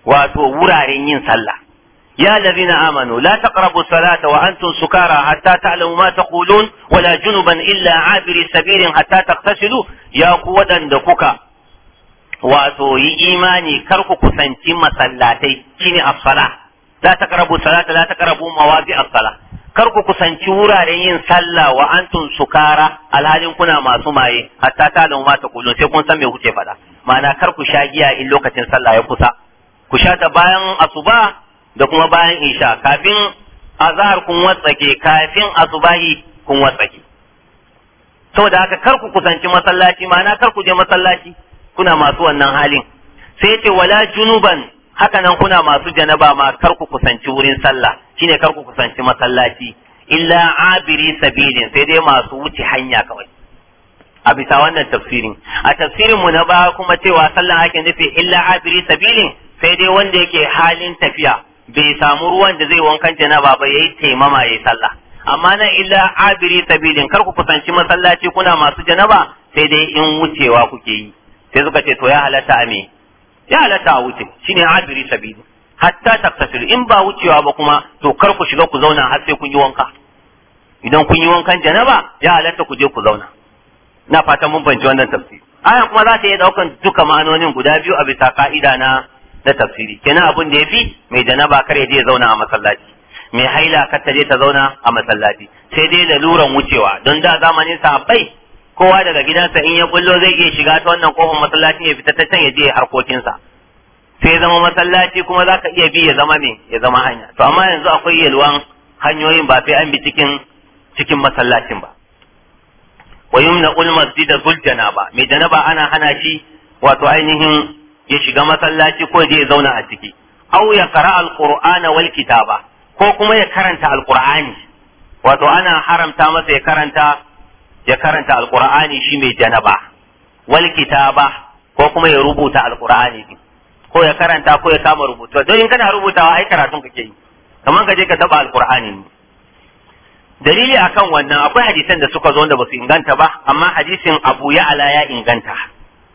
A: wato wuraren yin sallah يا الذين آمنوا لا تقربوا الصلاة وأنتم سكارى حتى تعلموا ما تقولون ولا جنبا إلا عابر سبيل حتى تغتسلوا يا قوة دكوكا wato yi imani kar ku kusanci masallatai shine as-sala la taqrabu salata la taqrabu mawadi as-sala kar ku kusanci wuraren yin sallah wa antum sukara alhalin kuna masu maye hatta ta da ma taqulun sai kun san me kuke faɗa ma'ana kar ku sha giya in lokacin sallah ya kusa ku sha ta bayan asuba da kuma bayan isha kafin Azahar kun watsake kafin asubahi kun watsake saboda haka kar ku kusanci masallaci ma'ana kar ku je masallaci kuna masu wannan halin sai ce wala junuban haka nan kuna masu janaba ma kar ku kusanci wurin sallah shine kar ku kusanci masallaci illa abiri sabilin sai dai masu wuce hanya kawai a bisa wannan tafsirin a tafsirin mu na ba kuma cewa sallah ake nufi illa abiri sabilin sai dai wanda yake halin tafiya bai samu ruwan da zai wankan janaba ba yayi taimama yayi sallah amma na illa abiri sabilin kar ku kusanci masallaci kuna masu janaba sai dai in wucewa kuke yi sai suka ce to ya halatta a me ya halatta a wuce shine abiri sabilin hatta taktasiru in ba wucewa ba kuma to kar ku shiga ku zauna har sai kun yi wanka idan kun yi wankan janaba ya halatta ku je ku zauna na fatan mun banci wannan tafsiri ayan kuma za ta iya daukan duka ma'anonin guda biyu a bisa ka'ida na na tafsiri kenan abun da ya fi mai da na kar ya je zauna a masallaci mai haila kar ta je ta zauna a masallaci sai dai da luran wucewa don da zamanin bai kowa daga gidansa in ya kullo zai iya shiga ta wannan kofar masallacin ya fita ta can ya je sa sai zama masallaci kuma zaka iya bi ya zama me ya zama hanya to amma yanzu akwai yalwan hanyoyin ba sai an bi cikin cikin masallacin ba wa yumna ul masjida zul janaba mai janaba ana hana shi wato ainihin ya shiga masallaci ko je ya zauna a ciki aw ya qara alqur'ana wal kitaba ko kuma ya karanta alqur'ani wato ana haramta masa ya karanta ya karanta alqur'ani shi mai janaba wal kitaba ko kuma ya rubuta alqur'ani ko ya karanta ko ya kama rubutu don in kana rubutawa ai karatun kake yi kamar ka je ka taba alqur'ani dalili akan wannan akwai hadisan da suka zo da basu inganta ba amma hadisin Abu Ya'la ya inganta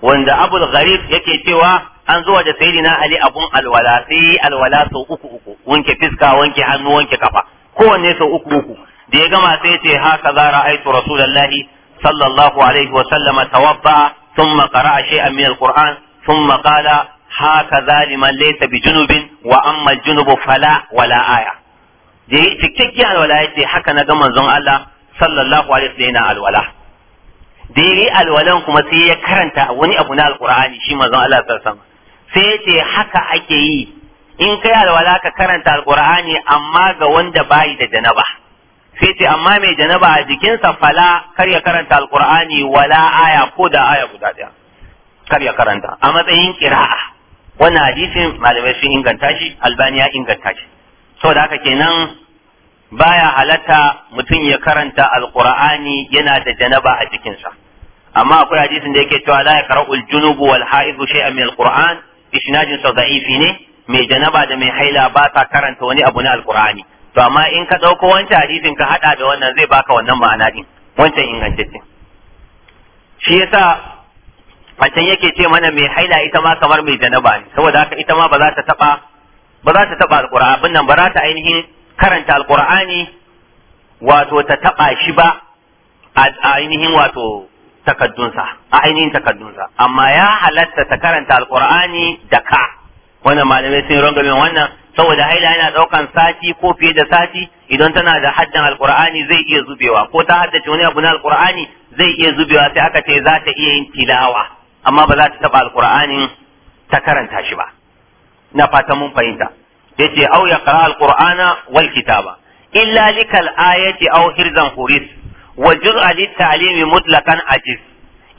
A: wanda abul gharib yake cewa an zuwa da saidina ali abun alwala sai alwala sau uku uku wanke fiska wanke hannu wanke kafa kowanne sau uku uku da ya gama sai ce haka za ra'aitu rasulullahi sallallahu alaihi wa sallama tawabba thumma qara'a shay'an min alquran thumma qala hakaza liman laysa bijunubin wa amma junubu fala wala aya da cikakkiyar alwala yace haka na ga manzon Allah sallallahu alaihi wa sallam alwala da yi alwalan kuma sai ya karanta wani abu na alqur'ani shi mazan Allah sama sai ce haka ake yi in kai alwala ka karanta alqur'ani amma ga wanda bayi da janaba sai ce amma mai janaba a jikinsa fala kar ya karanta alqur'ani wala aya ko da aya guda daya kar ya karanta a matsayin qira'a wannan hadisin malamai sun inganta shi albaniya inganta shi saboda haka kenan baya halatta mutum ya karanta alqur'ani yana da janaba a jikinsa amma akwai hadisin da yake cewa la yaqra'u al-junub wal haidhu shay'an min al-qur'an isnadin sa da'ifi ne mai janaba da mai haila ba ta karanta wani abu na alqur'ani to amma in ka dauko wancan hadisin ka hada da wannan zai baka wannan ma'ana din wancan ingantacce shi yasa wancan yake ce mana mai haila ita ma kamar mai janaba ne saboda haka ita ma ba za ta taba ba za ta taba alqur'ani abin nan ba za ta ainihin karanta alkur'ani wato ta taba shi ba a ainihin wato takaddunsa a ainihin takaddunsa amma ya halatta ta karanta alqur'ani da ka wannan malamai sun rangame wannan saboda haila yana daukan sati ko fiye da sati idan tana da haddan alkur'ani zai iya zubewa ko ta haddace wani abu na alkur'ani zai iya zubewa sai aka ce za ta iya yin tilawa amma ba za ta taba alqur'anin ta karanta shi ba na fata mun fahimta yace aw yaqra alqur'ana wal kitaba illa likal ayati aw hirzan huris wa juz'a litalimi mutlaqan ajiz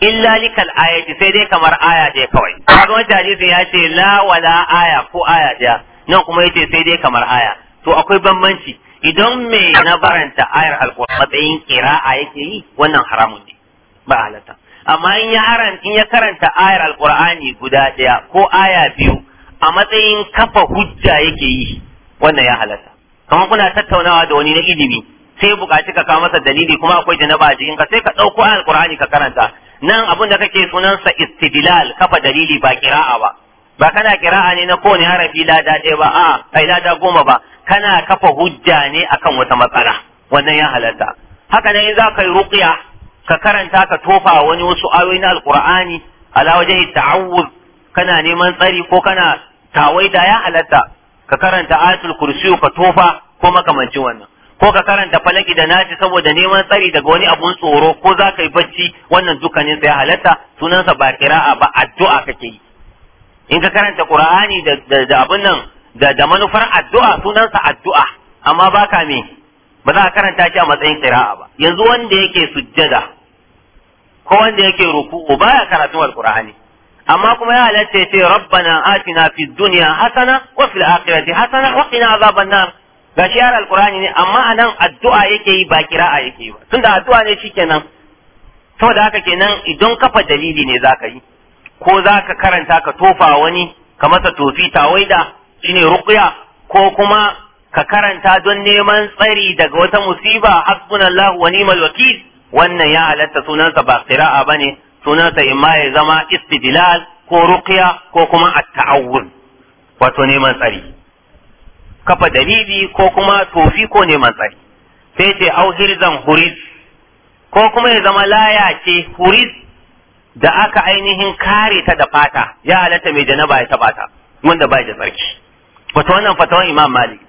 A: illa likal ayati sai dai kamar aya ɗaya kawai kaga wancan hadisin ya ce la wala aya ko aya ɗaya nan kuma yace sai dai kamar aya to akwai bambanci idan me na baranta ayar alqur'ani matsayin qira'a yake yi wannan haramun ne ba halatta amma in ya in ya karanta ayar alqur'ani guda ɗaya ko aya biyu a matsayin kafa hujja yake yi wannan ya halatta kamar kuna tattaunawa da wani na ilimi sai bukaci ka kawo masa dalili kuma akwai na ba jikin ka sai ka ɗauko alkur'ani ka karanta nan abin da kake sunansa istidlal kafa dalili ba kira'a ba ba kana kira'a ne na kowane harafi lada ɗaya ba a kai lada goma ba kana kafa hujja ne akan wata matsala wannan ya halatta haka nan in za ka yi ruqya ka karanta ka tofa wani wasu ayoyi na alqur'ani ala wajhi ta'awuz kana neman tsari ko kana da ya halatta ka karanta ayatul kursiyu ka tofa ko makamancin wannan ko ka karanta falaki da naci saboda neman tsari daga wani abun tsoro ko za ka yi bacci wannan dukkanin ya halatta sunansa ba kira'a ba addu'a kake yi in ka karanta qur'ani da da abun nan da da manufar addu'a sunansa addu'a amma ka me ba za ka karanta shi a matsayin qira'a ba yanzu wanda yake sujjada ko wanda yake ruku'u baya karatun alqur'ani amma kuma ya halatta ce rabbana atina fi dunya hasana wa fil akhirati hasana wa qina azaban nar gashi yar alqur'ani ne amma anan addu'a yake yi ba kira'a yake yi ba tunda addu'a ne shikenan saboda haka kenan idan kafa dalili ne zaka yi ko zaka karanta ka tofa wani ka masa tofi tawaida shine ruqya ko kuma ka karanta don neman tsari daga wata musiba hasbunallahu wani ni'mal wakil wannan ya halatta sunansa ba qira'a bane sunansa imma ya zama istidlal ko ruqya ko kuma at-ta'awuz wato neman tsari kafa dalili ko kuma tofi ko neman tsari sai ce au hirzan huris ko kuma ya zama laya ce huris da aka ainihin kare ta da fata ya halatta mai janaba ya tabata ta wanda bai da tsarki wato wannan fatawan imam malik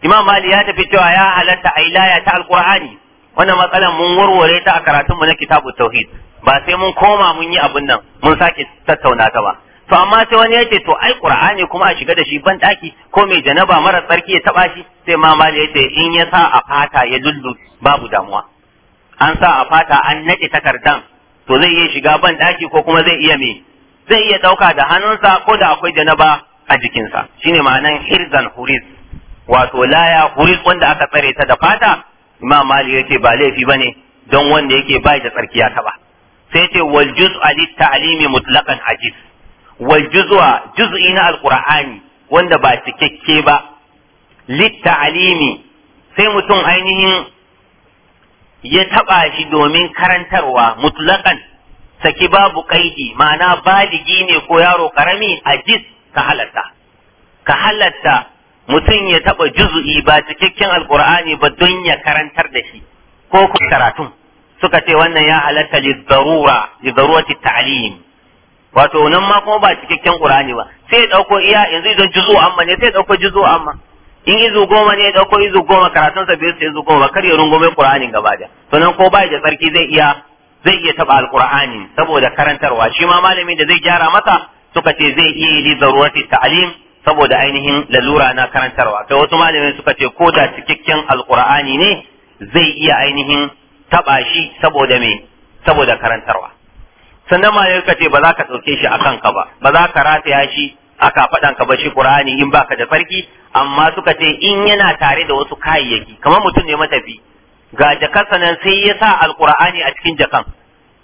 A: imam malik ya tafi cewa ya halatta ai laya ta alqur'ani wannan matsalan mun warware ta a karatun mu na kitabu tauhid ba sai mun koma mun yi abun nan mun sake tattauna ta ba to amma sai wani yace to ai qur'ani kuma a shiga da shi ban daki ko mai janaba mara tsarki ya taba shi sai ma mali yace in ya sa a fata ya lullu babu damuwa an sa a fata an nake takardan to zai iya shiga ban daki ko kuma zai iya me zai iya dauka da hannunsa ko da akwai janaba a jikinsa shine ma'anan hirzan huriz wato laya huriz wanda aka tsare ta da fata imam mali yace ba laifi bane don wanda yake bai da tsarkiya ta ba sai ce wal juz'a lit ta'limi mutlaqan ajiz wal juz'a juz'i na alqur'ani wanda ba cikakke ba Litta ta'limi sai mutum ainihin ya taba shi domin karantarwa mutlaqan saki babu kaidi ma'ana baligi ne ko yaro karami ajiz ka halatta ka halatta mutum ya taba juz'i ba cikakken alqur'ani ba don ya karantar da shi ko karatun suka ce wannan ya halatta lidarura lidarurati ta'lim wato nan ma kuma ba cikakken qur'ani ba sai dauko iya yanzu idan juzu amma ne sai dauko juzu amma in izu goma ne dauko izu goma karatun sa bai sai izu goma kar ya rungume qur'anin gaba da to nan ko bai da tsarki zai iya zai iya taba alqur'ani saboda karantarwa shi ma malamin da zai gyara masa suka ce zai iya yi lidarurati ta'lim saboda ainihin lalura na karantarwa kai wasu malamin suka ce ko da cikakken alqur'ani ne zai iya ainihin taba shi saboda me saboda karantarwa sannan ma ya ce ba za ka ɗauke shi a kanka ba ba za ka rataya shi a kafaɗan ka ba shi qur'ani in baka da farki amma suka ce in yana tare da wasu kayayyaki kamar mutum ne matafi ga jakarsa nan sai ya sa alqur'ani a cikin jakan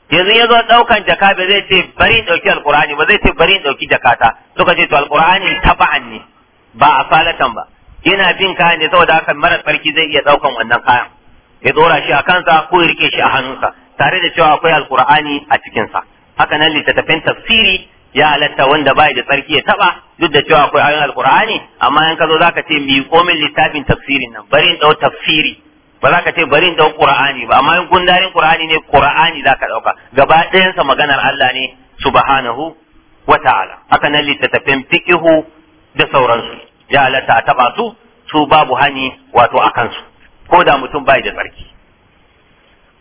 A: yanzu ya zo ɗaukan jaka ba zai ce bari ɗauki alqur'ani ba zai ce bari ɗauki jakata suka ce to alqur'ani taba'an ne ba a falatan ba yana bin kayan ne saboda haka mara tsarki zai iya ɗaukan wannan kayan ya dora shi a kansa ko ya rike shi a hannunsa tare da cewa akwai alkur'ani a cikinsa haka nan littattafan tafsiri ya halatta wanda bai da tsarki ya taba duk da cewa akwai ayoyin alkur'ani amma in ka zo zaka ce mi komin littafin tafsirin nan bari in dau tafsiri ba za ka ce bari in dau qur'ani ba amma in gundarin qur'ani ne qur'ani zaka dauka gaba ɗayansa maganar Allah ne subhanahu wa ta'ala haka nan littattafan fiqhu da sauransu ya halatta a taba su su babu hani wato akan su ko da mutum bai da tsarki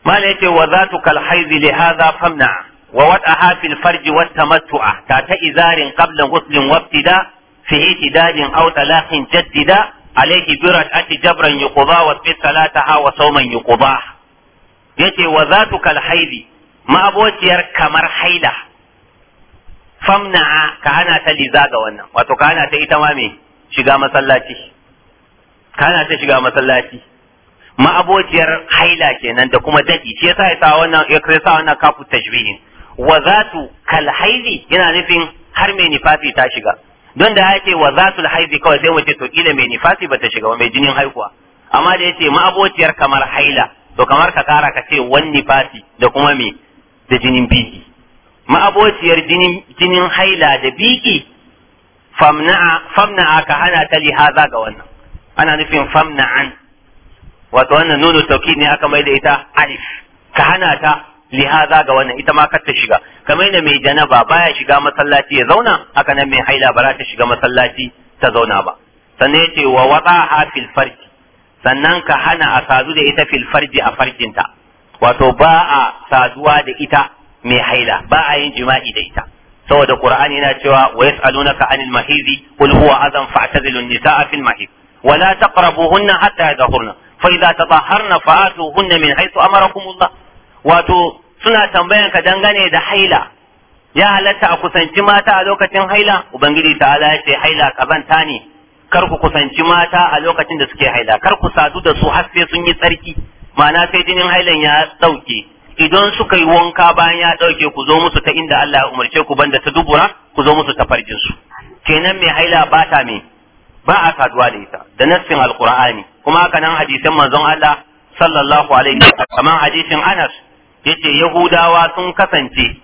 A: mala yace wa zatu kal haizi li hadha famna wa wad'aha fil farji wa tamattu'a ta ta izarin qabla ghuslin wabtida ibtida fi itidadin aw talaqin jaddida alayhi bi raj'ati jabran yuqda wa bi salataha wa sawman yuqda yace wa zatu kal haizi ma abociyar kamar haila famna ka hana ta liza ga wannan wato ka hana ta ita ma me shiga masallaci ka hana ta shiga masallaci ma'abociyar haila kenan da kuma daji shi yasa sa wannan ya kare sa wannan kafu tashbihin wa zatu kal haili yana nufin har mai nifasi ta shiga don da yake wa kawai sai wace to kila mai nifasi ba ta shiga mai jinin haihuwa amma da yace ma'abociyar kamar haila to kamar ka kara ka ce wan nifasi da kuma me da jinin biki ma'abociyar jinin jinin haila da biki famna'a ka hana ta li haza ga wannan ana nufin famna'an wato wannan nono taukid ne aka mai da ita alif ka hana ta lihaza ga wannan ita ma kar ta shiga kamar da mai janaba baya shiga masallaci ya zauna haka nan mai haila ba za ta shiga masallaci ta zauna ba sannan yace wa wadaha fil farji sannan ka hana a sadu da ita fil farji a farjinta wato ba a saduwa da ita mai haila ba a yin jima'i da ita saboda qur'ani yana cewa wa yas'alunaka anil mahizi qul huwa azan fa'tazilu nisaa fil mahiz wa la taqrabuhunna hatta yadhhurna fa idza tatahharna fa'atuhunna min haythu amarakumullah wato suna tambayan ka dangane da haila ya halatta a kusanci mata a lokacin haila ubangiji ta'ala ya ce haila kazanta ne kar ku kusanci mata a lokacin da suke haila kar ku sadu da su har sai sun yi tsarki ma'ana sai jinin hailan ya ɗauke. idan suka yi wanka bayan ya ɗauke. ku zo musu ta inda Allah ya umarce ku banda ta dubura ku zo musu ta farjin su kenan mai haila ba ta me ba a saduwa da ita da nassin alqur'ani kuma haka nan hadisan manzon Allah sallallahu alaihi kamar hadisin Anas yace Yahudawa sun kasance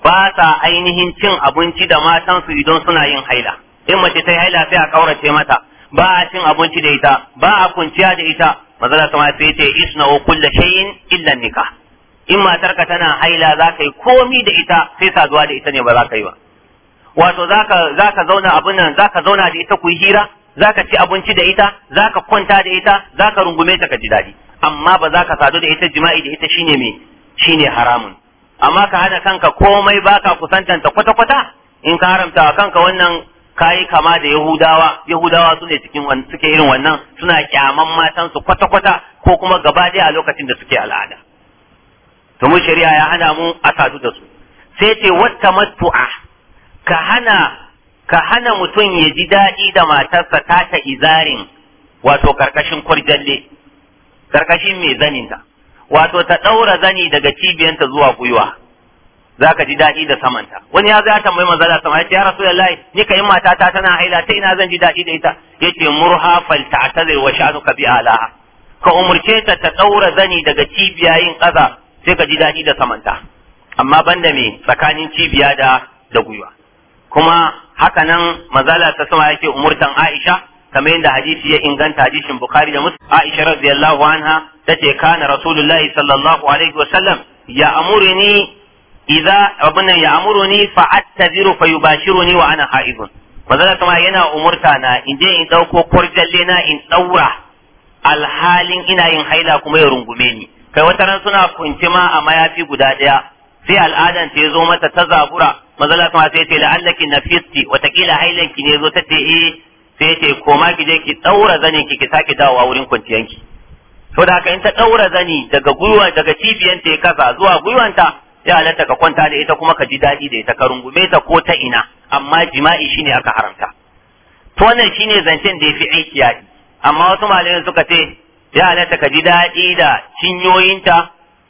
A: ba sa ainihin cin abinci da matansu idan suna yin haila in mace ta yi haila sai a kaurace mata ba a cin abinci da ita ba a kunciya da ita mazala sama sai isna wa kullu shay'in illa nikah in matarka tana haila za ka yi komi da ita sai saduwa da ita ne ba za ka yi ba wato za ka zauna abin nan za ka zauna da ita ku yi hira zaka ci abinci da ita zaka kwanta da ita zaka rungume ta ka ji daɗi amma ba za ka sadu da ita jima'i da ita shine me shine haramun amma ka hana kanka komai baka kusantanta kwata-kwata in ka haramta kanka wannan kayi kama da Yahudawa Yahudawa sune cikin suke irin wannan suna kyaman matansu kwata-kwata ko kuma gaba a lokacin da suke al'ada to mu shari'a ya hana mu a sadu da su sai ce wata matu'a ka hana ka hana mutum ya ji daɗi da matarsa ta ta izarin wato karkashin kurjalle karkashin mai zaninta wato ta ɗaura zani daga cibiyanta zuwa gwiwa za ka ji daɗi da samanta wani ya zai mai manzo Allah sama ya ce ya rasulullahi ni yi mata ta tana haila ta ina zan ji daɗi da ita yake murha ta zai wa ka bi alaha ka umurce ta ta ɗaura zani daga cibiyayin ƙasa sai ka ji daɗi da samanta amma banda me tsakanin cibiya da
B: da gwiwa kuma
A: haka nan mazala ta sama yake umurtan Aisha kamar yadda hadisi ya inganta hadisin Bukhari da Muslim Aisha radiyallahu anha tace kana Rasulullahi sallallahu alaihi wasallam ya amuruni idza abuna ya amuruni fa attaziru fa yubashiruni wa ana haidun mazala kuma yana umurta na in je in dauko kurjalle na in daura alhalin ina yin haila kuma ya rungume ni kai wata ran suna kunce ma a mayafi guda daya sai al'adan ta zo mata ta zabura mazala kuma sai ce la'allaki nafisti watakila hailanki ne zo ta ce eh sai ce koma ki je ki daura zani ki ki sake dawowa wurin kwanciyanki to da haka in ta daura zani daga gwiwa daga ta ya kasa zuwa gwiwanta ya halatta ka kwanta da ita kuma ka ji daɗi da ita ka rungume ta ko ta ina amma jima'i shine aka haramta to wannan shine zancen da yafi aiki yaɗi amma wasu malamai suka ce ya halatta ka ji daɗi da cinyoyinta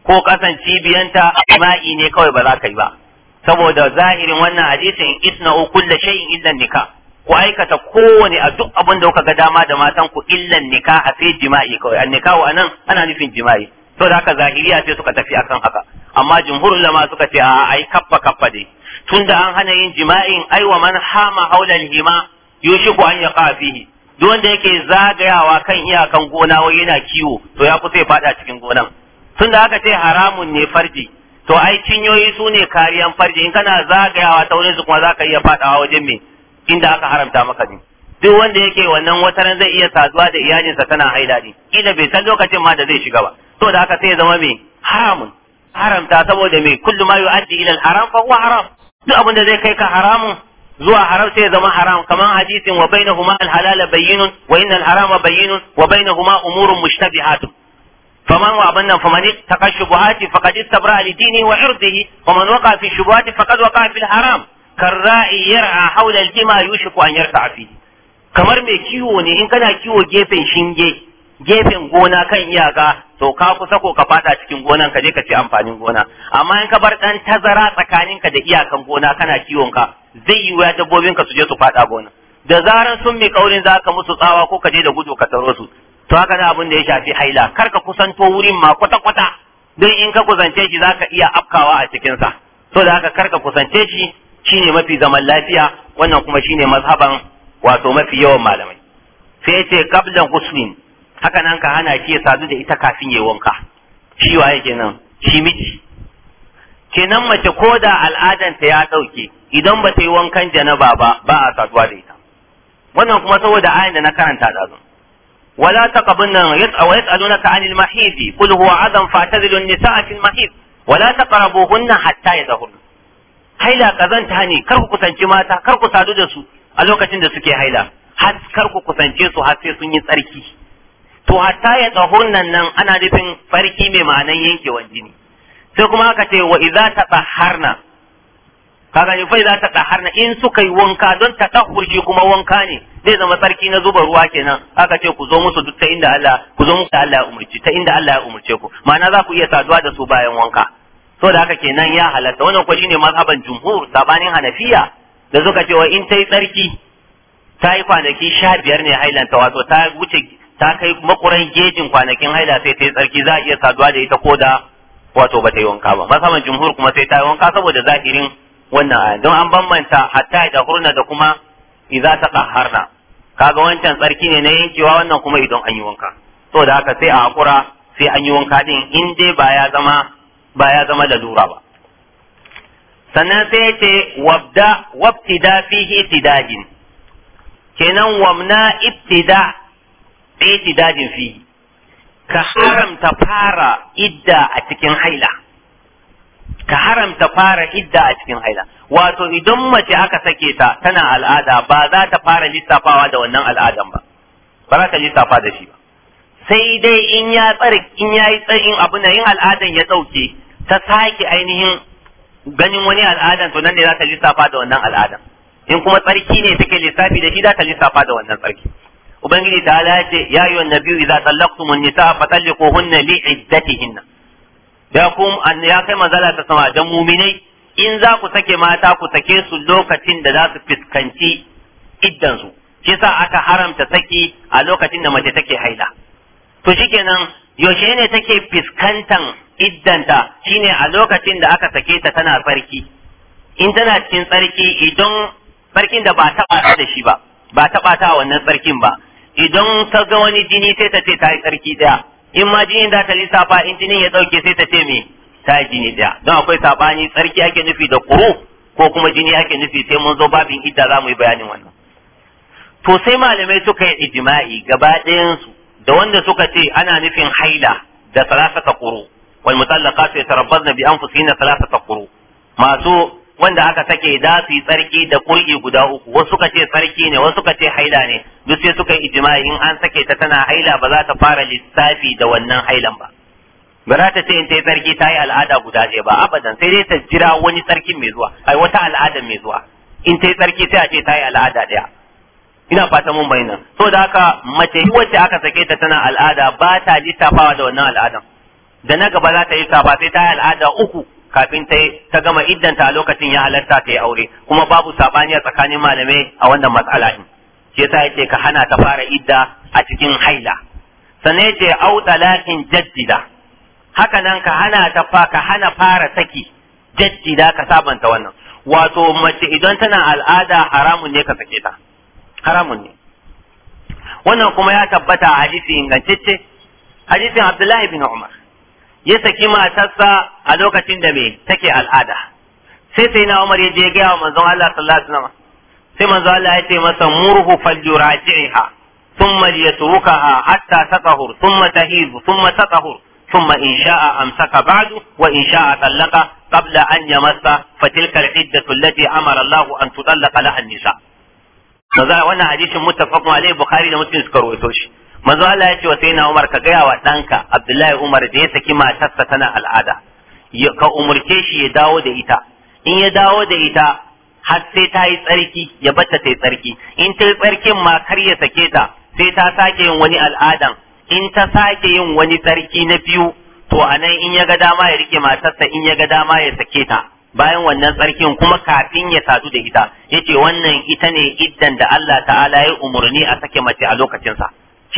A: ko kasan cibiyanta jima'i ne kawai ba za ka yi ba saboda zahirin wannan hadisin uku kulla shay'in illan nika ku aikata kowane a duk abin da kuka ga dama da matan ku illan nika a sai jima'i kawai an wa anan ana nufin jima'i to da haka zahiriya sai suka tafi akan haka amma jumhurul lama suka ce a ai kaffa kaffa dai tunda an hana yin jima'in ai wa man hama haulal hima yushiku an ya fihi duk wanda yake zagayawa kan iyakan gona wai yana kiwo to ya kusa ya fada cikin gonan tun da aka ce haramun ne farji to ai cinyoyi su ne kariyan farji in kana zagayawa ta wurin su kuma za ka iya faɗawa wajen me inda aka haramta maka ne duk wanda yake wannan wataran zai iya saduwa da iyalinsa tana haila ne kila bai san lokacin ma da zai shiga ba to da aka sai zama me haramun haramta saboda me kullu ma yu'addi ila haram fa huwa haram duk abin da zai kai ka haramun zuwa haram sai zama haram kaman hadisin wa bainahuma al-halala bayyinun wa inna al-harama bayyinun wa bainahuma umurun mushtabihatun فمن وابن nan faman taqa shubuhati faqad istabra li dinihi wa irdihi wa man waqa fi shubuhati haram karra'i yar'a hawla al-jima yushiku kamar mai kiwo ne in kana kiwo gefen shinge gefen gona kan iyaka to ka kusa ko ka fada cikin gonan ka je ka ci amfanin gona amma in ka bar dan tazara tsakaninka da iyakan gona kana kiwon ka zai yi wuya dabbobin ka su je su fada gona da zaran sun mi kaurin za ka musu tsawa ko ka je da gudu ka taro su to haka da abin da ya shafi haila kar ka kusanto wurin ma kwata kwata don in ka kusance shi za ka iya afkawa a cikin sa so da haka kar ka kusance shi shine mafi zaman lafiya wannan kuma shine mazhaban wato mafi yawan malamai sai ce qablan huslin haka nan ka hana ki sadu da ita kafin yayi wanka shi waye kenan shi miji kenan mace ko da al'adanta ya dauke idan ba ta yi wankan janaba ba ba a saduwa da ita wannan kuma saboda ayin da na karanta da ولا تقبن ويسألونك عن المحيض قل هو عدم فاعتزلوا النساء في المحيض ولا تقربوهن حتى يظهرن haila kazanta ne kar ku kusanci mata kar ku sadu da su a lokacin da suke haila har kar ku kusance su har sun yi tsarki to hatta ya tsahurnan nan ana nufin farki mai ma'anan yankewan jini sai kuma aka ce wa idza tatahharna kaga ne fai za ta na in suka yi wanka don ta shi kuma wanka ne zai zama tsarki na zuba ruwa kenan aka ce ku zo musu duk ta inda Allah ku zo musu Allah ya umurci ta inda Allah ya umurce ku ma'ana za ku iya saduwa da su bayan wanka so da haka kenan ya halatta wannan kuwa shine mazhaban jumhur sabanin hanafiya da suka ce in ta yi tsarki ta yi kwanaki sha biyar ne hailanta wato ta wuce ta kai makuran gejin kwanakin haila sai ta yi tsarki za a iya saduwa da ita ko da wato ba ta yi wanka ba masaman jumhur kuma sai ta yi wanka saboda zahirin wannan aya don an bambanta hatta da hurna da kuma idza taqaharna kaga wancan tsarki ne na yankewa wannan kuma idan an yi wanka to da haka sai a hakura sai an yi wanka din in dai ba ya zama ba ya zama lura ba sannan sai ya ce wabda wabtida fihi ibtidajin kenan wamna ibtida ibtidajin fihi ka haramta fara idda a cikin haila ka haramta fara idda a cikin haila wato idan mace aka sake ta tana al'ada ba za ta fara lissafawa da wannan al'adan ba ba za ta lissafa da shi ba sai dai in ya tsare in ya yi tsayin abu nan yin al'adan ya dauke ta sake ainihin ganin wani al'adan to nan ne za ta lissafa da wannan al'adan in kuma tsarki ne take lissafi da shi za ta lissafa da wannan tsarki ubangiji ta ce ya yi wa nabiyu idza tallaqtumun nisaa fatalliquhunna li iddatihinna ya an ya kai mazala ta sama dan muminai in za ku sake mata ku sake su lokacin da za su fiskanci iddan su shi aka haramta saki a lokacin da mace take haila to shikenan yaushe ne take fuskantan iddanta shine a lokacin da aka sake ta tana farki in tana cikin tsarki idan farkin da ba taɓa da shi ba ba taɓa ta wannan tsarkin ba idan ta ga wani jini sai ta ce ta yi tsarki daya in ma jinin da ta lissafa in jinin ya ɗauke sai ta ce me ta yi jini daya don akwai sabani tsarki ake nufi da kuru ko kuma jini ake nufi sai mun zo babin idda za mu yi bayanin wannan to sai malamai suka yi ijma'i gaba ɗayansu da wanda suka ce ana nufin haila da ta kuru wal mutallaqat yatarabbazna bi anfusihinna ta kuru masu wanda aka sake da su yi tsarki da kulki guda uku wasu suka ce tsarki ne wasu suka ce haila ne duk sai suka yi ijma'i in an sake ta tana haila ba za ta fara lissafi da wannan hailan ba ba za ta ce in ta yi tsarki ta yi al'ada guda ɗaya ba abadan sai dai ta jira wani tsarkin mai zuwa ai wata al'ada mai zuwa in ta yi tsarki sai a ce ta yi al'ada ɗaya ina fata mun bayyana so da haka mace wacce aka sake ta tana al'ada ba ta lissafawa da wannan al'adan da na gaba za ta lissafa sai ta yi al'ada uku kafin ta ta gama iddanta a lokacin ya halarta ta yi aure kuma babu sabani a tsakanin malamai a wannan matsala din ce ta yace ka hana ta fara idda a cikin haila sannan yace au talaqin jaddida haka nan ka hana ta fa ka hana fara saki jaddida ka sabanta wannan wato mace idan tana al'ada haramun ne ka sake ta haramun ne wannan kuma ya tabbata a hadisi ingantacce hadisin Abdullahi bin Umar ya saki matarsa a lokacin da me take al'ada sai sai na Umar ya je ga manzon Allah sallallahu alaihi wasallam sai manzon Allah ya ce masa murhu falyuraji'ha thumma liyatrukaha hatta tatahur thumma tahid thumma tatahur ثم إن شاء أمسك بعد وإن شاء طلق قبل أن يمس فتلك العدة التي أمر الله أن تطلق لها النساء. فذا وانا حديث متفق عليه بخاري ومسلم يذكر ويتوش. manzo Allah ya ce wa sayyidina Umar ka gaya wa ɗanka Abdullahi Umar da ya saki matarsa tana al'ada ka umurce shi ya dawo da ita in ya dawo da ita har sai ta yi tsarki ya bata ta yi tsarki in ta yi tsarkin ma kar ya sake ta sai ta sake yin wani al'adan in ta sake yin wani tsarki na biyu to a nan in ya ga dama ya rike matarsa in ya ga dama ya sake ta bayan wannan tsarkin kuma kafin ya sadu da ita yace wannan ita ne iddan da Allah ta'ala ya umurni a sake mace a lokacinsa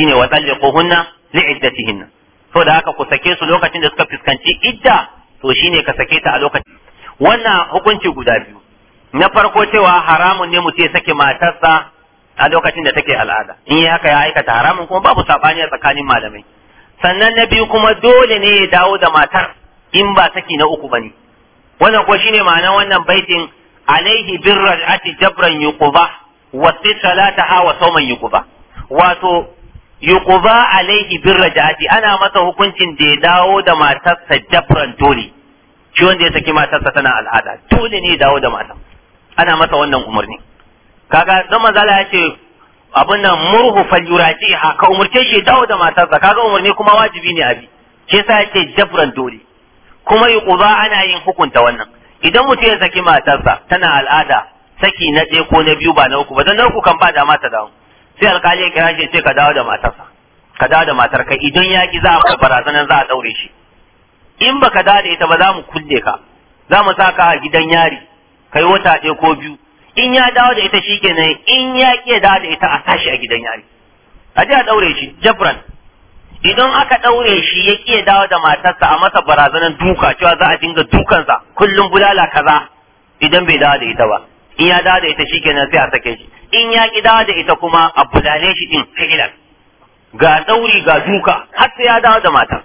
A: shine wa talliquhunna li'iddatihinna to da haka ku sake su lokacin da suka fuskanci idda to shine ka sake ta a lokacin wannan hukunci guda biyu na farko cewa haramun ne mutum ya sake matarsa a lokacin da take al'ada in yi haka ya aikata haramun kuma babu sabani a tsakanin malamai sannan na biyu kuma dole ne ya dawo da matar in ba saki na uku bane wannan ko shine ma'anar wannan baitin alaihi birral ati jabran yuquba wa salataha wa sawman yuquba wato Alayhi alaihi birrajati ana masa hukuncin da ya dawo da matarsa jafran dole shi wanda ya saki matarsa tana al'ada dole ne ya dawo da matar ana masa wannan umarni kaga dan Zala ya ce abin nan murhu falyurati ha ka umurce shi dawo da matarsa kaga umarni kuma wajibi ne abi shi yasa ya ce jabran dole kuma yuqza ana yin hukunta wannan idan mutum ya saki matarsa tana al'ada saki na ɗaya ko na biyu ba na uku ba dan na uku kan ba dama ta dawo sai alkali ya kira shi ce ka dawo da matarsa ka dawo da matar ka idan ya ki za a barazanar za a daure shi in baka dawo da ita ba za mu kulle ka za mu sa ka a gidan yari kai wata ɗaya ko biyu in ya dawo da ita shikenan in ya ki dawo da ita a tashi a gidan yari a je a daure shi jabran idan aka daure shi ya ki dawo da matarsa a masa barazanar duka cewa za a dinga dukansa kullum bulala kaza idan bai dawo da ita ba in ya dawo da ita shikenan sai a sake shi in ya ki dawo da ita kuma a bulane shi din fi'ilan ga dauri ga duka har sai ya dawo da matar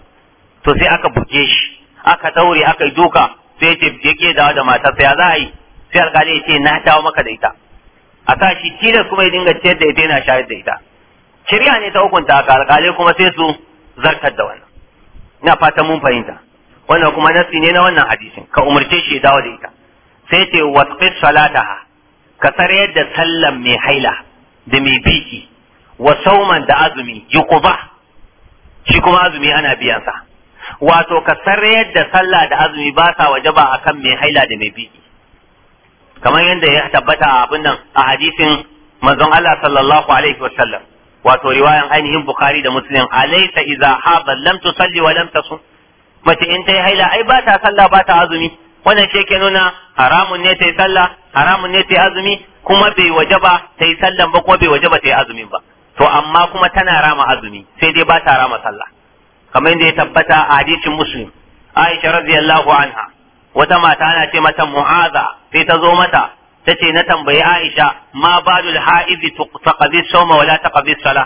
A: to sai aka buge shi aka daure aka yi duka sai ya ke yake dawo da matar sai ya za a yi sai alƙali ya ce na dawo maka da ita a sa shi tilas kuma ya dinga ciyar da ita yana shayar da ita Shirya ne ta hukunta haka alƙalai kuma sai su zartar da wannan ina fata mun fahimta wannan kuma nasi ne na wannan hadisin ka umarce shi ya dawo da ita sai ce wasqit salataha ka tsare da sallan mai haila da mai biki wa sauman da azumi yuquba shi kuma azumi ana biyan sa wato ka tsare da sallah da azumi ba sa wajaba akan mai haila da mai biki kamar yadda ya tabbata a abin nan a hadisin manzon Allah sallallahu alaihi wasallam wato riwayan ainihin bukhari da muslim alaysa idza haba lam tusalli wa lam tasum mace in ta yi haila ai ba ta sallah ba ta azumi wannan shi yake nuna haramun ne ta yi sallah haramun ne ta yi azumi kuma bai ba ta yi sallan ba kuma bai wajaba ta yi azumin ba to amma kuma tana rama azumi sai dai ba ta rama sallah kamar yadda ya tabbata a hadisin muslim aisha radiyallahu anha wata mata ana ce mata mu'aza sai ta zo mata ta ce na tambayi aisha ma badul ha'izi taqdi sawma wala taqdi sala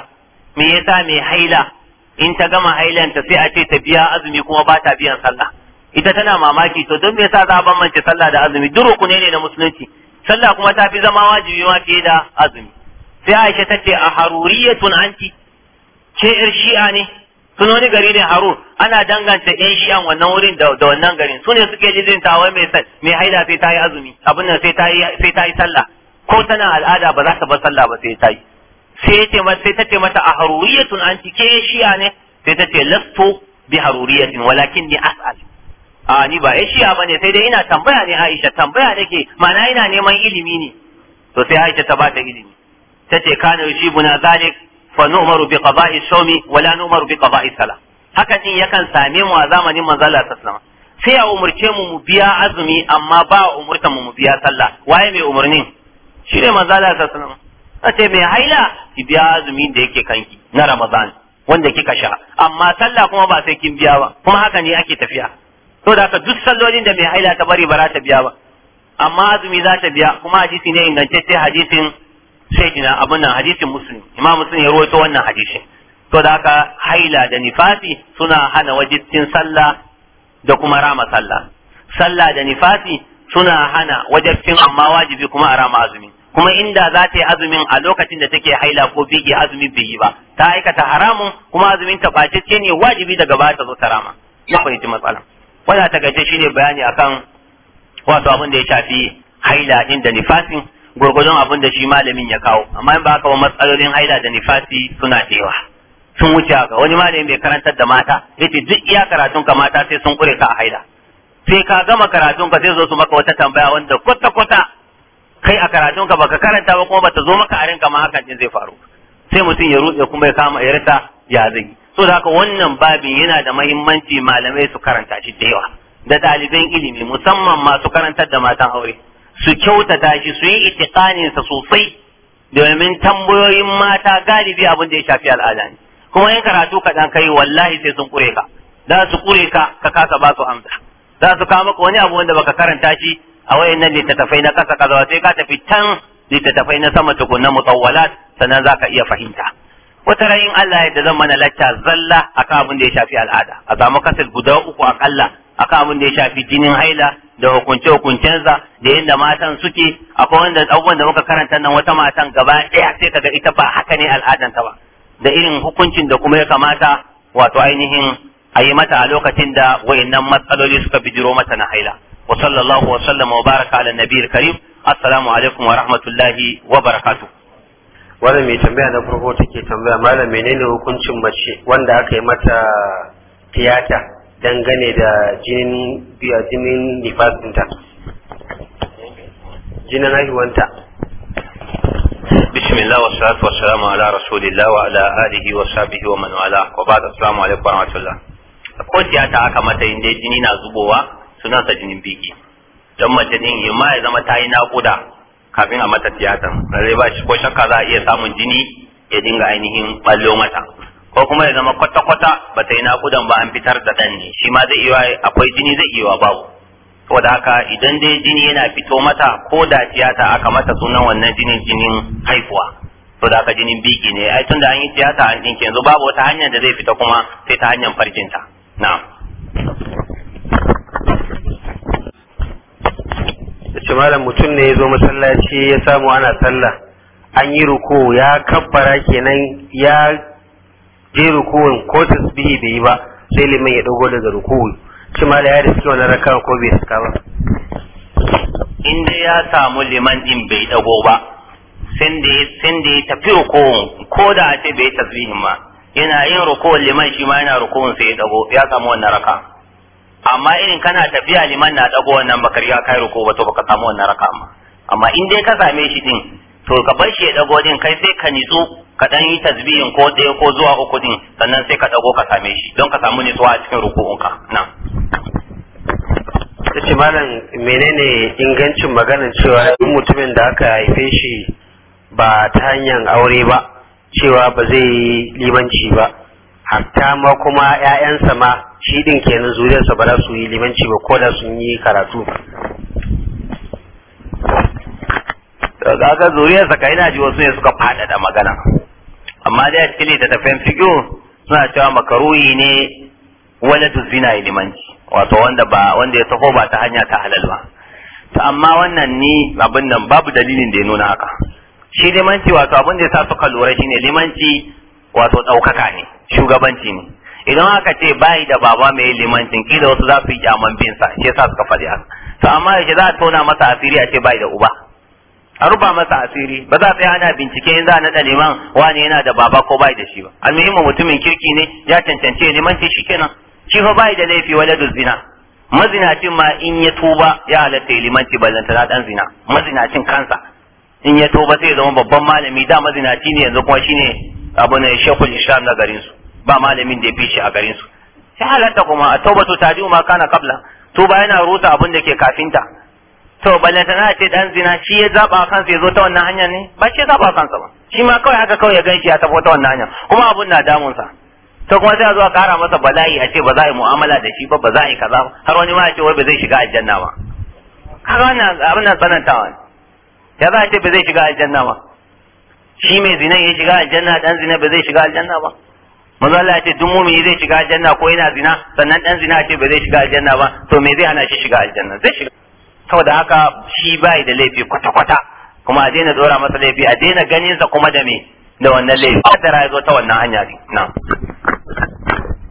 A: me yasa mai haila in ta gama hailanta sai a ce ta biya azumi kuma ba ta biyan sallah ita tana mamaki to don me yasa za a bambance sallah da azumi duk rukune ne na musulunci sallah kuma ta fi zama wajibi ma fiye da azumi sai Aisha ta ce a haruriyatun anti ce ir shi'a ne sun wani gari ne harur ana danganta yan shi'an wannan wurin da wannan garin su ne suke jirgin ta wai mai haida sai ta yi azumi abin nan sai ta yi sallah ko tana al'ada ba za ta bar sallah ba sai ta yi sai ta ce mata a haruriyatun anti ke shi'a ne sai ta ce lasto bi haruriyatin walakin ni as'al a ni ba shiya ba ne sai dai ina tambaya ne Aisha tambaya nake ma'ana ina neman ilimi ne to sai Aisha ta bata ilimi tace kana buna zalik fa nu'maru bi qada'i shawmi wa la nu'maru bi qada'i sala hakan din yakan same mu a zamanin manzo Allah sallallahu sai a umurce mu mu biya azumi amma ba umurtan mu mu biya sallah waye mai umurnin shine manzo Allah sallallahu alaihi mai haila ki biya azumi da yake kanki na Ramadan wanda kika sha amma sallah kuma ba sai kin biya ba kuma haka ne ake tafiya To da duk sallolin da mai haila ta bari ba za ta biya ba amma azumi za ta biya kuma hadisi ne ingantacce hadisin sayyidina abun nan hadisin muslim imam muslim ya rawaito wannan hadisin to da haka haila da nifasi suna hana wajibcin sallah da kuma rama sallah sallah da nifasi suna hana wajibcin amma wajibi kuma a rama azumi kuma inda za ta yi azumin a lokacin da take haila ko bige azumi bai yi ba ta aikata haramun kuma azumin ta ne wajibi daga baya ta zo ta rama na fahimci wannan takaice shine bayani akan wato abin da ya shafi haila din da nifasin gurgudun abin da shi malamin ya kawo amma in ba haka ba matsalolin haila da nifasi suna cewa. sun wuce haka wani malamin bai karantar da mata yace duk iya karatun ka mata sai sun kure ka a haila sai ka gama karatun ka sai zo su maka wata tambaya wanda kwata kwata kai a karatun ka baka karanta ba kuma bata zo maka a rinka ma hakan din zai faru sai mutum ya rude kuma ya kama ya rita ya zai so da haka wannan babin yana da mahimmanci malamai su karanta shi da yawa da ɗaliban ilimi musamman masu karantar da matan aure su kyautata shi su yi sa sosai domin tambayoyin mata galibi abin da ya shafi al'ada ne kuma yin karatu kaɗan kai wallahi sai sun kure ka za su kure ka ka kasa ba su amsa za su kawo maka wani abu wanda baka karanta shi a wayannan littattafai na kasa kaza sai ka tafi can littattafai na sama tukunna mutawwalat sannan za ka iya fahimta wata rayin Allah yadda zan mana lacca zalla akan abin da ya shafi al'ada a samu kasar guda uku akalla akan abin da ya shafi jinin haila da hukunce hukuncensa da yadda matan suke akwai wanda abubuwan da muka karanta nan wata matan gaba ɗaya sai kaga ita ba haka ne al'adan ta ba da irin hukuncin da kuma ya kamata wato ainihin a yi mata a lokacin da wayannan matsaloli suka bijiro mata na haila wa sallallahu wa sallama wa baraka ala nabiyil karim assalamu alaikum wa rahmatullahi
B: wa barakatuh wannan mai tambaya na farko take tambaya malam menene hukuncin mace wanda aka yi mata tiyata dangane da jinin biya jinin nifasinta jinin haihuwanta bismillah wassalatu wassalamu ala rasulillah wa ala alihi wa sahbihi wa man
A: wala wa ba'd assalamu alaikum wa rahmatullah ko tiyata aka mata inda jini na zubowa sunansa jinin biki dan mace din yima ya zama ta yi naƙuda kafin a mata tiyata zai ba shi ko shakka za a iya samun jini ya dinga ainihin ballo mata ko kuma ya zama kwata-kwata ba ta yi nakudan ba an fitar da ɗan ne shi ma zai iya akwai jini zai iya babu saboda haka idan dai jini yana fito mata ko da tiyata aka mata sunan wannan jinin jinin haifuwa to da haka jinin biki ne ai tunda an yi tiyata an dinke yanzu babu wata hanyar
B: da zai fita kuma sai ta hanyar farkinta na'am ce malam mutum ne ya zo masallaci ya samu ana sallah an yi ruko ya kabbara kenan ya je rukuwin ko tasbihi bai yi ba sai liman ya dago daga rukuwi ma malam ya da suke wani raka ko bai saka ba
A: in dai ya samu liman din bai dago ba sai da ya tafi rukuwin ko da a ce bai tasbihin ma yana yin rukuwin liman shi ma yana rukuwin sai ya dago ya samu wannan raka amma irin kana tafiya liman na dago wannan bakar ya kai ruko ba to baka samu wannan raka amma amma in dai ka same shi din to ka bar shi ya dago din kai sai ka nitsu ka dan yi tasbihin ko ɗaya ko zuwa uku din sannan
B: sai ka dago ka same shi don ka samu nitsuwa a cikin ruku'unka na kace malam menene ingancin maganar cewa duk mutumin da aka haife shi ba ta hanyar aure ba cewa ba zai yi limanci ba hatta ma kuma 'ya'yansa ma shi din kenan zuriyarsa ba za su yi limanci ba ko da sun yi karatu ga
A: zuriyarsa kai na ji wasu ne suka faɗaɗa magana amma dai a cikin littattafan fiƙo suna cewa makaruhi ne waladu zina ya limanci wato wanda ba wanda ya taho ba ta hanya ta halal ba to amma wannan ni abin nan babu dalilin da ya nuna haka shi limanci wato abin da ya sa suka lura shine limanci wato ɗaukaka ne shugabanci ne idan aka ce bai da baba mai limancin kila wasu za su yi kyaman bin sa sa suka faɗi haka to amma yake za a tona masa asiri a ce bai da uba a ruba masa asiri ba za yi ana bincike in za a naɗa liman wani yana da baba ko bai da shi ba almuhimmin mutumin kirki ne ya cancance limanci kenan shi fa bai da laifi waladul zina mazinacin ma in ya tuba ya halatta limanci ballanta na dan zina mazinacin kansa in ya tuba sai ya zama babban malami da mazinaci ne yanzu kuma shine abu ne shekul islam na garinsu. ba malamin da ya fi shi a garin su sai halatta kuma a taubatu tadi ma kana kabla ba yana rusa abin da ke kafinta to balle tana ce dan zina shi ya zaba kansa ya zo ta wannan hanya ne ba shi ya zaba kansa ba shi ma kawai haka kawai ya ganshi ya tafi ta wannan hanya kuma abun na damun sa to kuma sai a zo a kara masa bala'i a ce ba za a yi mu'amala da shi ba ba za a yi kaza ba har wani ma ya ce wai ba zai shiga aljanna ba Har wannan abin nan tsanantawa ne ya za a ce ba zai shiga aljanna ba shi mai zina ya shiga aljanna dan zina ba zai shiga aljanna ba manzo Allah ya ce duk mumini zai shiga aljanna ko yana zina sannan dan zina ce ba zai shiga aljanna ba to me zai hana shi shiga aljanna zai shiga saboda haka shi bai da laifi kwata kwata kuma a daina dora masa
B: laifi a daina ganin sa kuma da me da wannan laifi da rayuwa ta wannan hanya ne na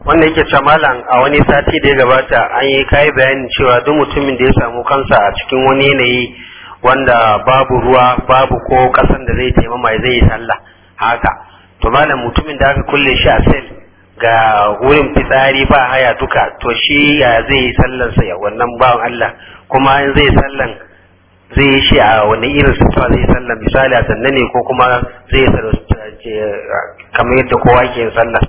B: wanda yake cewa malam a wani sati da ya gabata an yi kai bayanin cewa duk mutumin da ya samu kansa a cikin wani yanayi wanda babu ruwa babu ko kasan da zai taimama zai yi sallah haka to malam mutumin da aka kulle shi a sel ga wurin fitsari ba haya duka to shi ya zai yi sallan sa ya wannan bawan Allah kuma in zai sallan zai yi shi a wani irin sutura zai sallan misali a sannan ne ko kuma zai sallan eh, kamar yadda kowa ke sallan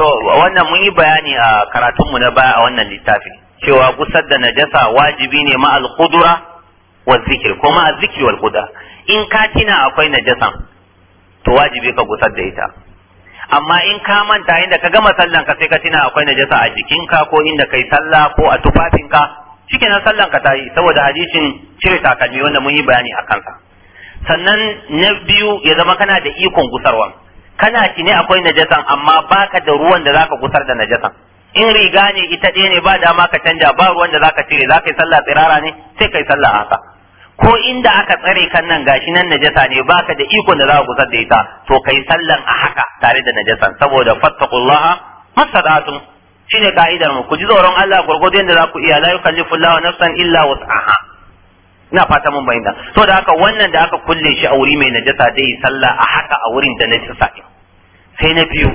A: to wannan mun yi bayani a karatunmu na baya a wannan littafin cewa gusar da najasa wajibi ne ma al-qudura wa zikir ko al-zikri wal qudura in ka tina akwai najasan to wajibi ka gusar da ita amma in ka manta inda ka gama sallan ka sai ka tuna akwai najasa a jikinka ko inda kai sallah ko a tufafinka cikin sallan ka tayi saboda hadisin cire takalmi wanda mun yi bayani a kansa sannan na biyu ya zama kana da ikon gusarwa kana ne akwai najasan amma baka da ruwan da zaka gusar da najasan in riga ne ita ɗaya ne ba dama ka canja ba ruwan da zaka cire zaka yi sallah tsirara ne sai kai sallah haka ko inda aka tsare kan nan gashi nan najasa ne baka da ikon da za ka gusar da ita to kai sallan a haka tare da najasan saboda fattaqullaha masadatun shine ka'idar mu ku ji tsoron Allah gurgudu yanda za ku iya la yukallifu Allahu nafsan illa wus'aha ina fata mun bayyana da haka wannan da aka kulle shi a wuri mai najasa dai sallah a haka a wurin da najasa ne sai na biyu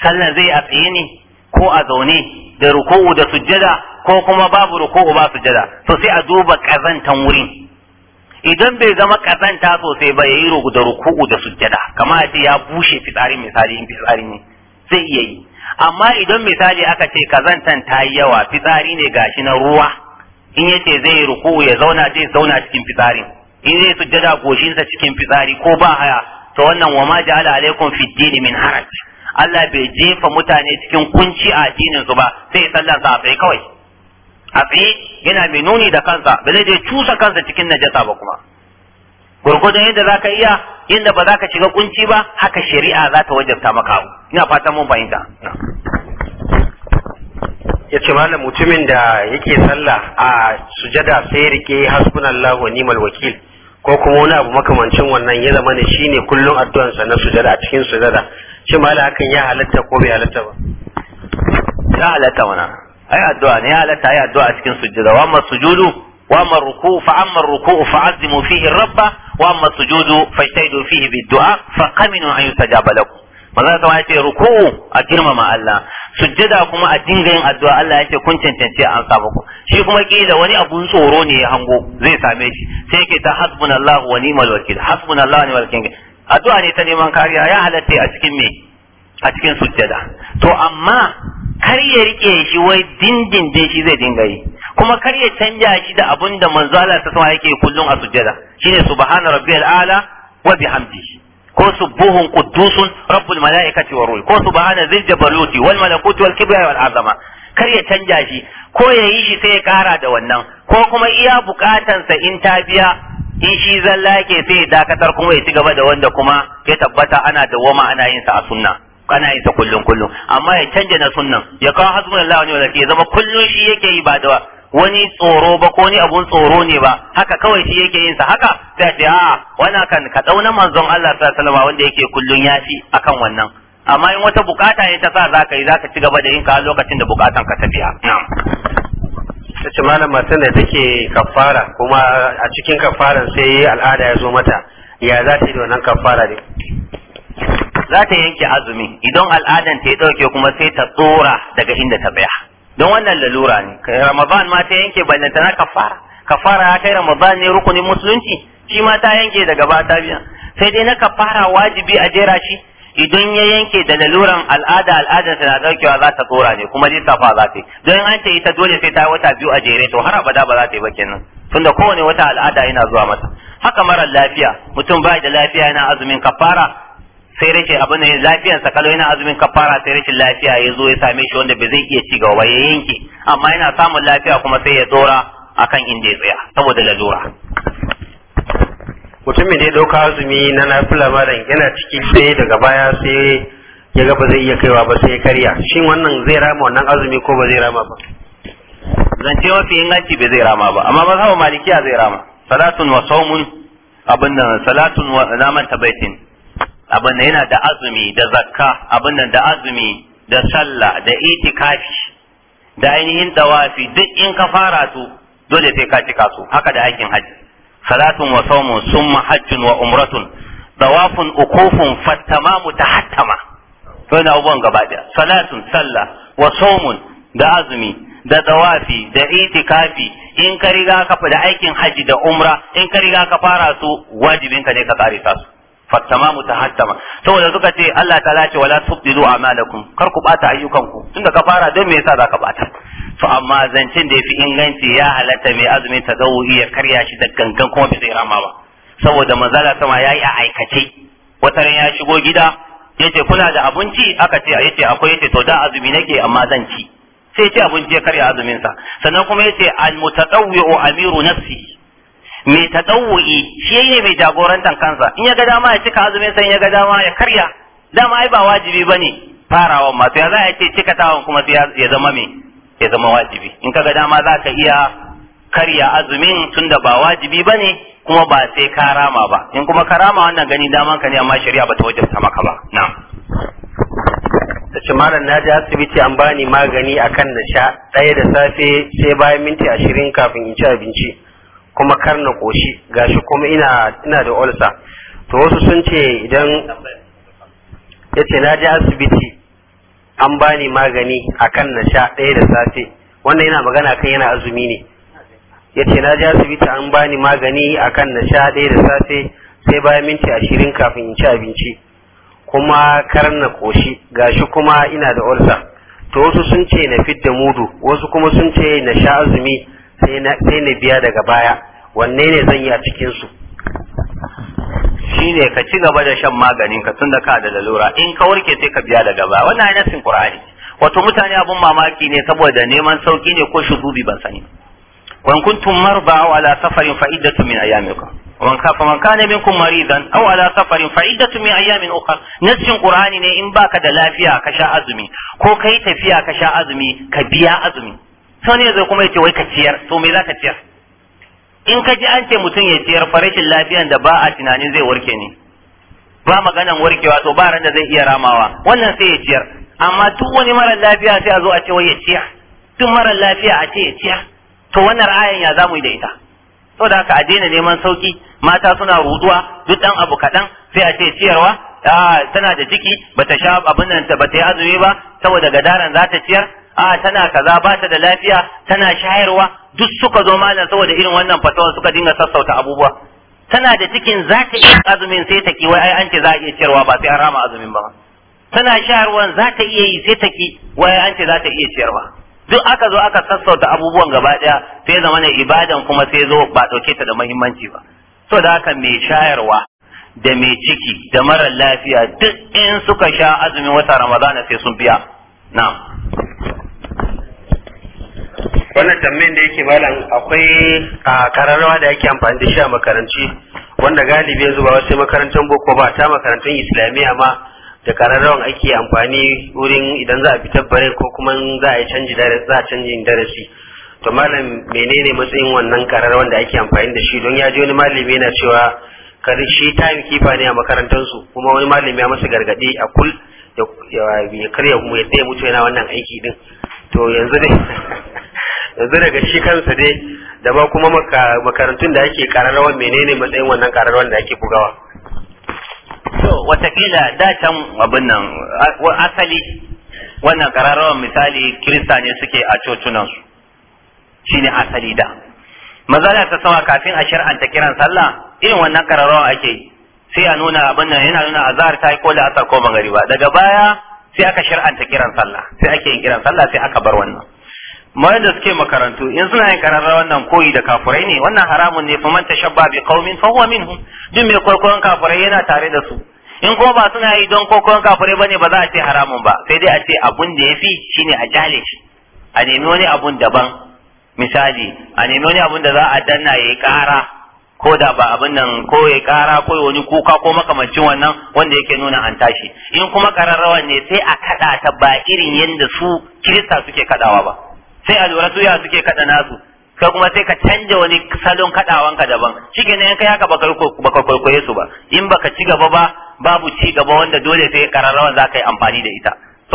A: sallan zai a tsaye ne ko a zaune da ruku'u da sujjada ko kuma babu ruku'u ba sujjada to sai a duba kazantan wurin idan bai zama kazanta sosai ba yayi ruku da ruku'u da sujjada kamar a ce ya bushe fitsari misali in fitsari ne sai iya yi amma idan misali aka ce kazantan ta yi yawa fitsari ne gashi na ruwa in yace zai yi ruku'u ya zauna zai zauna cikin fitsarin in zai sujjada goshinsa cikin fitsari ko ba haya to wannan wa ma ja'ala alaikum fi dini min haraj Allah bai jefa mutane cikin kunci a addinin su ba sai sallar sa sai kawai a tsaye yana mai nuni da kansa ba zai je cusa kansa cikin najasa ba kuma gurgudun yadda za ka iya yadda ba za ka shiga kunci ba haka shari'a za ta wajabta maka abu
B: ina fatan mun fahimta ya ce malam mutumin da yake sallah a sujada sai rike hasbunallahu wa ni'mal wakil ko kuma wani abu makamancin wannan ya zama ne shine kullum addu'ansa na sujada a cikin sujada shi malam hakan ya halatta ko bai halatta ba ya halatta wannan ai addu'a ne ya halatta ai
A: addu'a a cikin sujjada wa amma sujudu wa amma ruku fa amma ruku fa azimu fihi rabba wa amma sujudu fa tajdu fihi biddu'a fa qaminu an yustajaba lakum manzo ta yace ruku a girmama Allah sujjada kuma a dinga yin addu'a Allah yace kun cancanci an sa muku shi kuma kila wani abun tsoro ne ya hango zai same shi sai yake ta hasbunallahu wa ni'mal wakil hasbunallahu wa ni'mal wakil addu'a ne ta neman kariya ya halatta a cikin me a cikin sujjada to amma kar ya rike shi wai dindindin shi zai dinga yi kuma kar ya canja shi da abun da manzo Allah ta sama yake kullum a sujjada shine subhana rabbiyal ala wa bihamdihi ko subuhun quddusun rabbul malaikati wa ruhi ko subhana zil jabaluti wal malakuti wal kibriya wal azama kar ya canja shi ko ya yi shi sai ya kara da wannan ko kuma iya bukatansa in ta biya in shi zalla yake sai ya dakatar kuma ya ci gaba da wanda kuma ya tabbata ana dawwama ana yin sa a sunna kana yin sa kullum amma ya canja na sunnan ya kawo hasbunallahu wa ni'mal ya zama kullun shi yake yi ba da
B: wani tsoro
A: ba ko ni abun tsoro ne ba haka kawai shi yake yin sa haka sai ce a wannan kan ka dauna manzon Allah sallallahu alaihi wanda yake ya fi akan wannan amma in
B: wata bukata ne ta sa zaka yi zaka ci gaba da yin ka lokacin da bukatan ka ta biya tace malam matan da take kafara kuma a cikin kafaran sai al'ada ya zo mata ya za ta yi da wannan kafara ne za ta yanke azumi idan
A: al'adan ta ya dauke kuma sai ta tsora daga inda ta tsaya don wannan lalura ne ramadan ma ta yanke ballanta na kafara kafara kai ramadan ne rukunin musulunci shi ma ta yanke daga ba ta biya sai dai na kafara wajibi a jera shi idan ya yanke da laluran al'ada ta na daukewa za ta tsora ne kuma zai safa za ta yi don an yi ta dole sai ta wata biyu a jere to har abada ba za ta yi ba kenan tunda kowane wata al'ada yana zuwa mata haka mara lafiya mutum bai da lafiya yana azumin kafara sai rashin abin ne lafiyarsa kalo yana azumin kafara sai rashin lafiya ya zo ya same shi wanda bai zai iya ci gaba ya yanke amma yana samun lafiya
B: kuma sai ya tsora akan inda ya tsaya saboda lalura mutumin da ya dauka azumi na nafila madan yana cikin sai daga baya sai ya ga ba zai iya kaiwa ba sai ya karya shin wannan zai rama wannan azumi ko ba zai rama ba
A: Zan zance mafi inganci bai zai rama ba amma mazhabu malikiya zai rama salatun wa saumun abin nan salatun wa naman baitin abin da yana da azumi da zakka abin nan da azumi da sallah da itikafi da ainihin dawafi duk in ka fara su dole sai ka cika su haka da aikin haji salatun wa sawmun summa hajjun wa umratun dawafun ukufun fattamamu tahattama to ina abubuwan gaba da salatun sallah wa sawmun da azumi da dawafi da itikafi in ka riga ka da aikin haji da umra in ka riga ka fara su wajibinka ne ka karisa su fattamamu ta hattama saboda suka ce Allah ta lace wala tubdilu amalakum kar ku bata ayyukanku tunda ka fara don me yasa zaka bata to amma zancen da yafi inganci ya halatta mai azumin tadawuhi ya karya shi da gangan kuma bai zai rama ba saboda manzala sama yayi a aikace wata ran ya shigo gida yace kuna da abinci aka ce yace akwai yace to da azumi nake amma zan ci sai ce abinci ya karya azumin sa sannan kuma yace al mutatawwi'u amiru nafsi mai tadawwi shi ne mai jagorantar kansa in ya ga dama ya cika azumin sai ya ga dama ya karya dama ai ba wajibi bane farawa ma sai za a ce cika tawon kuma sai ya zama me ya zama wajibi in ka ga dama za ka iya karya azumin tunda ba wajibi bane kuma ba sai ka rama ba in kuma ka rama wannan gani daman ka ne amma
B: shari'a ba ta wajabta maka ba na'am tace malam na je asibiti an bani magani akan na sha ɗaya da safe sai bayan minti ashirin kafin in ci abinci kuma kar na koshi gashi kuma ina ina da olsa to wasu sun ce idan yace na je asibiti an bani magani akan na sha ɗaya da safe wannan yana magana kan yana azumi ne yace na je asibiti an bani magani akan na sha ɗaya da safe sai bayan minti ashirin kafin in ci abinci kuma kar na koshi gashi kuma ina da olsa to wasu sun ce na fidda mudu wasu kuma sun ce na sha azumi sai na biya daga baya wanne ne zan yi a cikinsu shi ne ka ci gaba da shan maganin ka tunda ka da lalura in ka warke sai ka biya daga
A: baya wannan ainihin sin qur'ani wato mutane abun mamaki ne saboda neman sauki ne ko shuzubi ban sani wa in kuntum marda aw ala safarin fa iddatu min ayyamikum wa man kana minkum maridan aw ala safarin fa iddatu min ayyamin ukhra nasin qur'ani ne in baka da lafiya ka sha azumi ko kai tafiya ka sha azumi ka biya azumi to ne zai kuma yace wai ka ciyar to me za ka ciyar in ka ji an ce mutum ya ciyar farashin lafiyan da ba a tunanin zai warke ne ba maganan warkewa to ba ran da zai iya ramawa wannan sai ya ciyar amma duk wani mara lafiya sai a zo a ce wai ya ciyar duk mara lafiya a ce ya ciyar to wannan ra'ayin ya zamu yi da ita da haka a daina neman sauki mata suna ruduwa duk dan abu kadan sai a ce ciyarwa ah, tana da ciki bata sha abin nan ta bata yi azumi ba saboda gadaran za ta ciyar a tana kaza ba ta da lafiya tana shayarwa duk suka zo malam saboda irin wannan fatawar suka dinga sassauta abubuwa tana da cikin za iya azumin sai ta ki wai ai an ce za a iya ciyarwa ba sai an rama azumin ba tana shayarwa za ta iya yi sai ta ki wai an ce za ta iya ciyarwa duk aka zo aka sassauta abubuwan gaba daya sai zama ne ibadan kuma sai zo ba dauke ta da muhimmanci ba so da haka mai shayarwa da mai ciki da mara lafiya duk in suka sha azumin wata ramadana
B: sai sun biya na'am wannan tambayin da yake malam akwai a kararrawa da yake amfani da shi a makaranci wanda galibi yanzu ba wasu makarantar boko ba ta makarantun islamiyya ma da kararrawan ake amfani wurin idan za a bi tabbare ko kuma za a yi canji darasi to malam menene matsayin wannan kararrawan da ake amfani da shi don ya ji wani malami yana cewa kar shi time kifa ne a su? kuma wani malami ya masa gargadi a kul ya karya mu yadda ya mutu yana wannan aiki din to yanzu ne yanzu daga shi kansa dai da ma kuma makarantun da ake kararrawa menene matsayin wannan kararrawan da ake bugawa to watakila da can abin nan asali
A: wannan kararrawan misali kirista ne suke a su shine asali da mazala ta sama kafin a shar'anta kiran sallah irin wannan kararrawan ake sai a nuna abin nan yana nuna azhar ta yi ko da asar ko magariba daga baya sai aka shar'anta kiran sallah sai ake yin kiran sallah sai aka bar wannan mayan da suke makarantu in suna yin kararra wannan koyi da kafurai ne wannan haramun ne faman shabba bi qaumin fa huwa minhum duk mai kwaikwayon kafurai yana tare da su in kuma ba suna yi don kwaikwayon kafurai bane ba za a ce haramun ba sai dai a ce abun da yafi shine a jale shi a nemi wani abun daban misali a nemi wani abun da za a danna yayi kara ko da ba abin nan ko ya kara ko wani kuka ko makamancin wannan wanda yake nuna an tashi in kuma kararrawan ne sai a kada ta ba irin yadda su kirista suke kadawa ba sai a lura suya suke kada nasu ka kuma sai ka canja wani salon kadawanka daban shike ne kai haka baka kwaikwaye su ba in baka ci gaba ba babu ci gaba wanda dole sai kararrawan zaka yi amfani da ita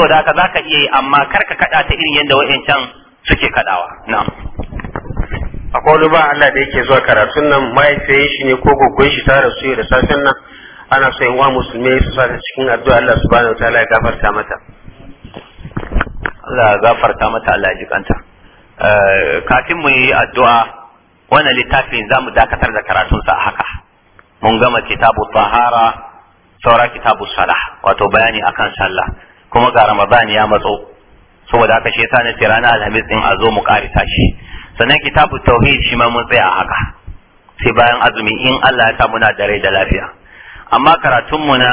A: da haka zaka iya yi amma kar ka kada ta irin yadda wa'yancan suke kadawa
B: na'am akwai wani ba Allah da yake zuwa karatun nan mahaifiyar shi ne ko gogon shi ta rasu da safen nan ana so yan wa musulmai su sa cikin addu'a Allah subhanahu wa ta'ala ya gafarta mata Allah gafarta mata Allah jikanta eh, kafin
A: mu yi addu'a wannan littafin za mu dakatar da karatunsa a haka mun gama kitabu tahara saura kitabu salah wato bayani akan sallah kuma ga ramadan ya matso saboda haka shi yasa na ranar alhamis din a zo mu karisa shi sannan kitabu tauhid shi ma mun tsaya a haka sai bayan azumi in Allah ya sa muna da rai da lafiya amma karatunmu na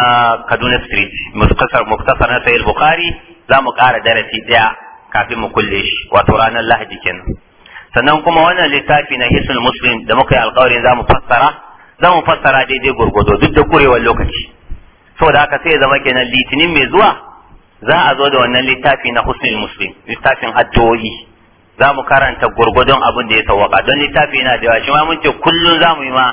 A: Kaduna Street muktasar na Sahih Bukhari za mu ƙara darasi ɗaya kafin mu kulle shi wato ranar lahadi kenan sannan kuma wannan littafi na hisul muslim da muka yi alƙawarin za mu fassara za mu fassara daidai gurgudo duk da kurewar lokaci saboda haka sai ya zama kenan litinin mai zuwa za a zo da wannan littafi na husnul muslim littafin addu'o'i za mu karanta gurgudon abin da ya sauwaka don littafi yana da yawa shi ma mun ce kullum za mu yi ma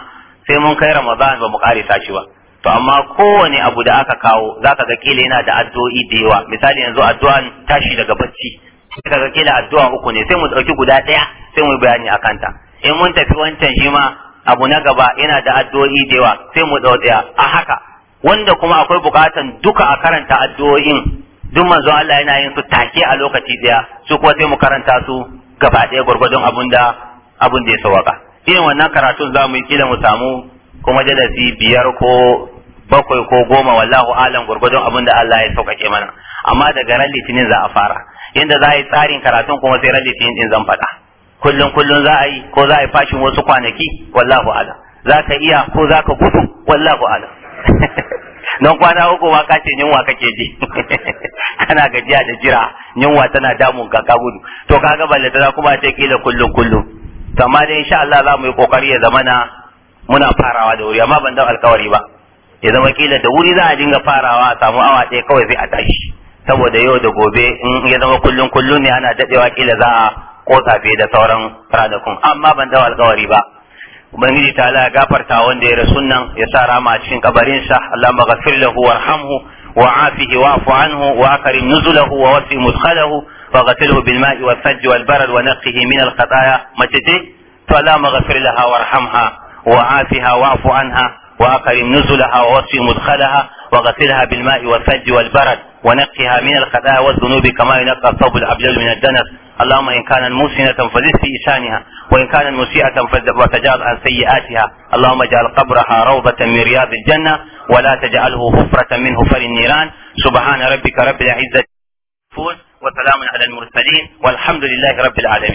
A: sai mun kai ramadan ba mu sa shi ba to amma kowane abu da aka kawo zaka ga kila yana da addu'o'i da yawa misali yanzu addu'an tashi daga bacci sai ga kila addu'a uku ne sai mu dauki guda daya sai mu bayani akan ta in mun tafi wancan shi ma abu na gaba yana da addu'o'i da yawa sai mu dau daya a haka wanda kuma akwai bukatan duka a karanta addu'o'in duk manzo Allah yana yin su take a lokaci daya su kuma sai mu karanta su gaba daya gwargwadon abun da abun da ya sawaka irin wannan karatun za yi kila mu samu ko majalisi biyar ko bakwai ko goma wallahu alam gurgudun abin da Allah ya sauƙaƙe mana amma daga ran litinin za a fara inda za a yi tsarin karatun kuma sai ran litinin din zan faɗa kullum kullum za a yi ko za a yi fashin wasu kwanaki wallahu alam za ka iya ko za ka gudu wallahu alam don kwana uku ma ka ce yunwa kake ji kana gajiya da jira yunwa tana damun ka ka gudu to kaga balle da kuma ce kila kullum kullum to amma dai insha Allah za mu yi kokari ya zamana muna farawa da wuri amma ban dau alkawari ba ya zama kila da wuri za a dinga farawa a samu awa ɗaya kawai sai a tashi saboda yau da gobe in ya zama kullun kullun ne ana dadewa kila za a kosa fiye da sauran ranakun amma ban dau alkawari ba ubangiji ta ala gafarta wanda ya rasu nan ya sa rama a cikin kabarinsa Allah maghfir lahu warhamhu wa afihi wa'fu anhu wa akrim nuzulahu wa wasi mudkhalahu فاغسله بالماء والثلج والبرد ونقه من الخطايا متتي فلا مغفر لها وارحمها
B: وعافها
A: واعف عنها وأكرم نزلها ووسع مدخلها وغسلها بالماء والثلج والبرد ونقها من الخطايا والذنوب كما ينقى الثوب الابيض من الدنس اللهم إن كانت موسنة فزد في إشانها وإن كانت مسيئة فتجاوز عن سيئاتها اللهم اجعل قبرها روضة من رياض الجنة ولا تجعله حفرة من حفر النيران سبحان ربك رب العزة وسلام على المرسلين والحمد لله رب العالمين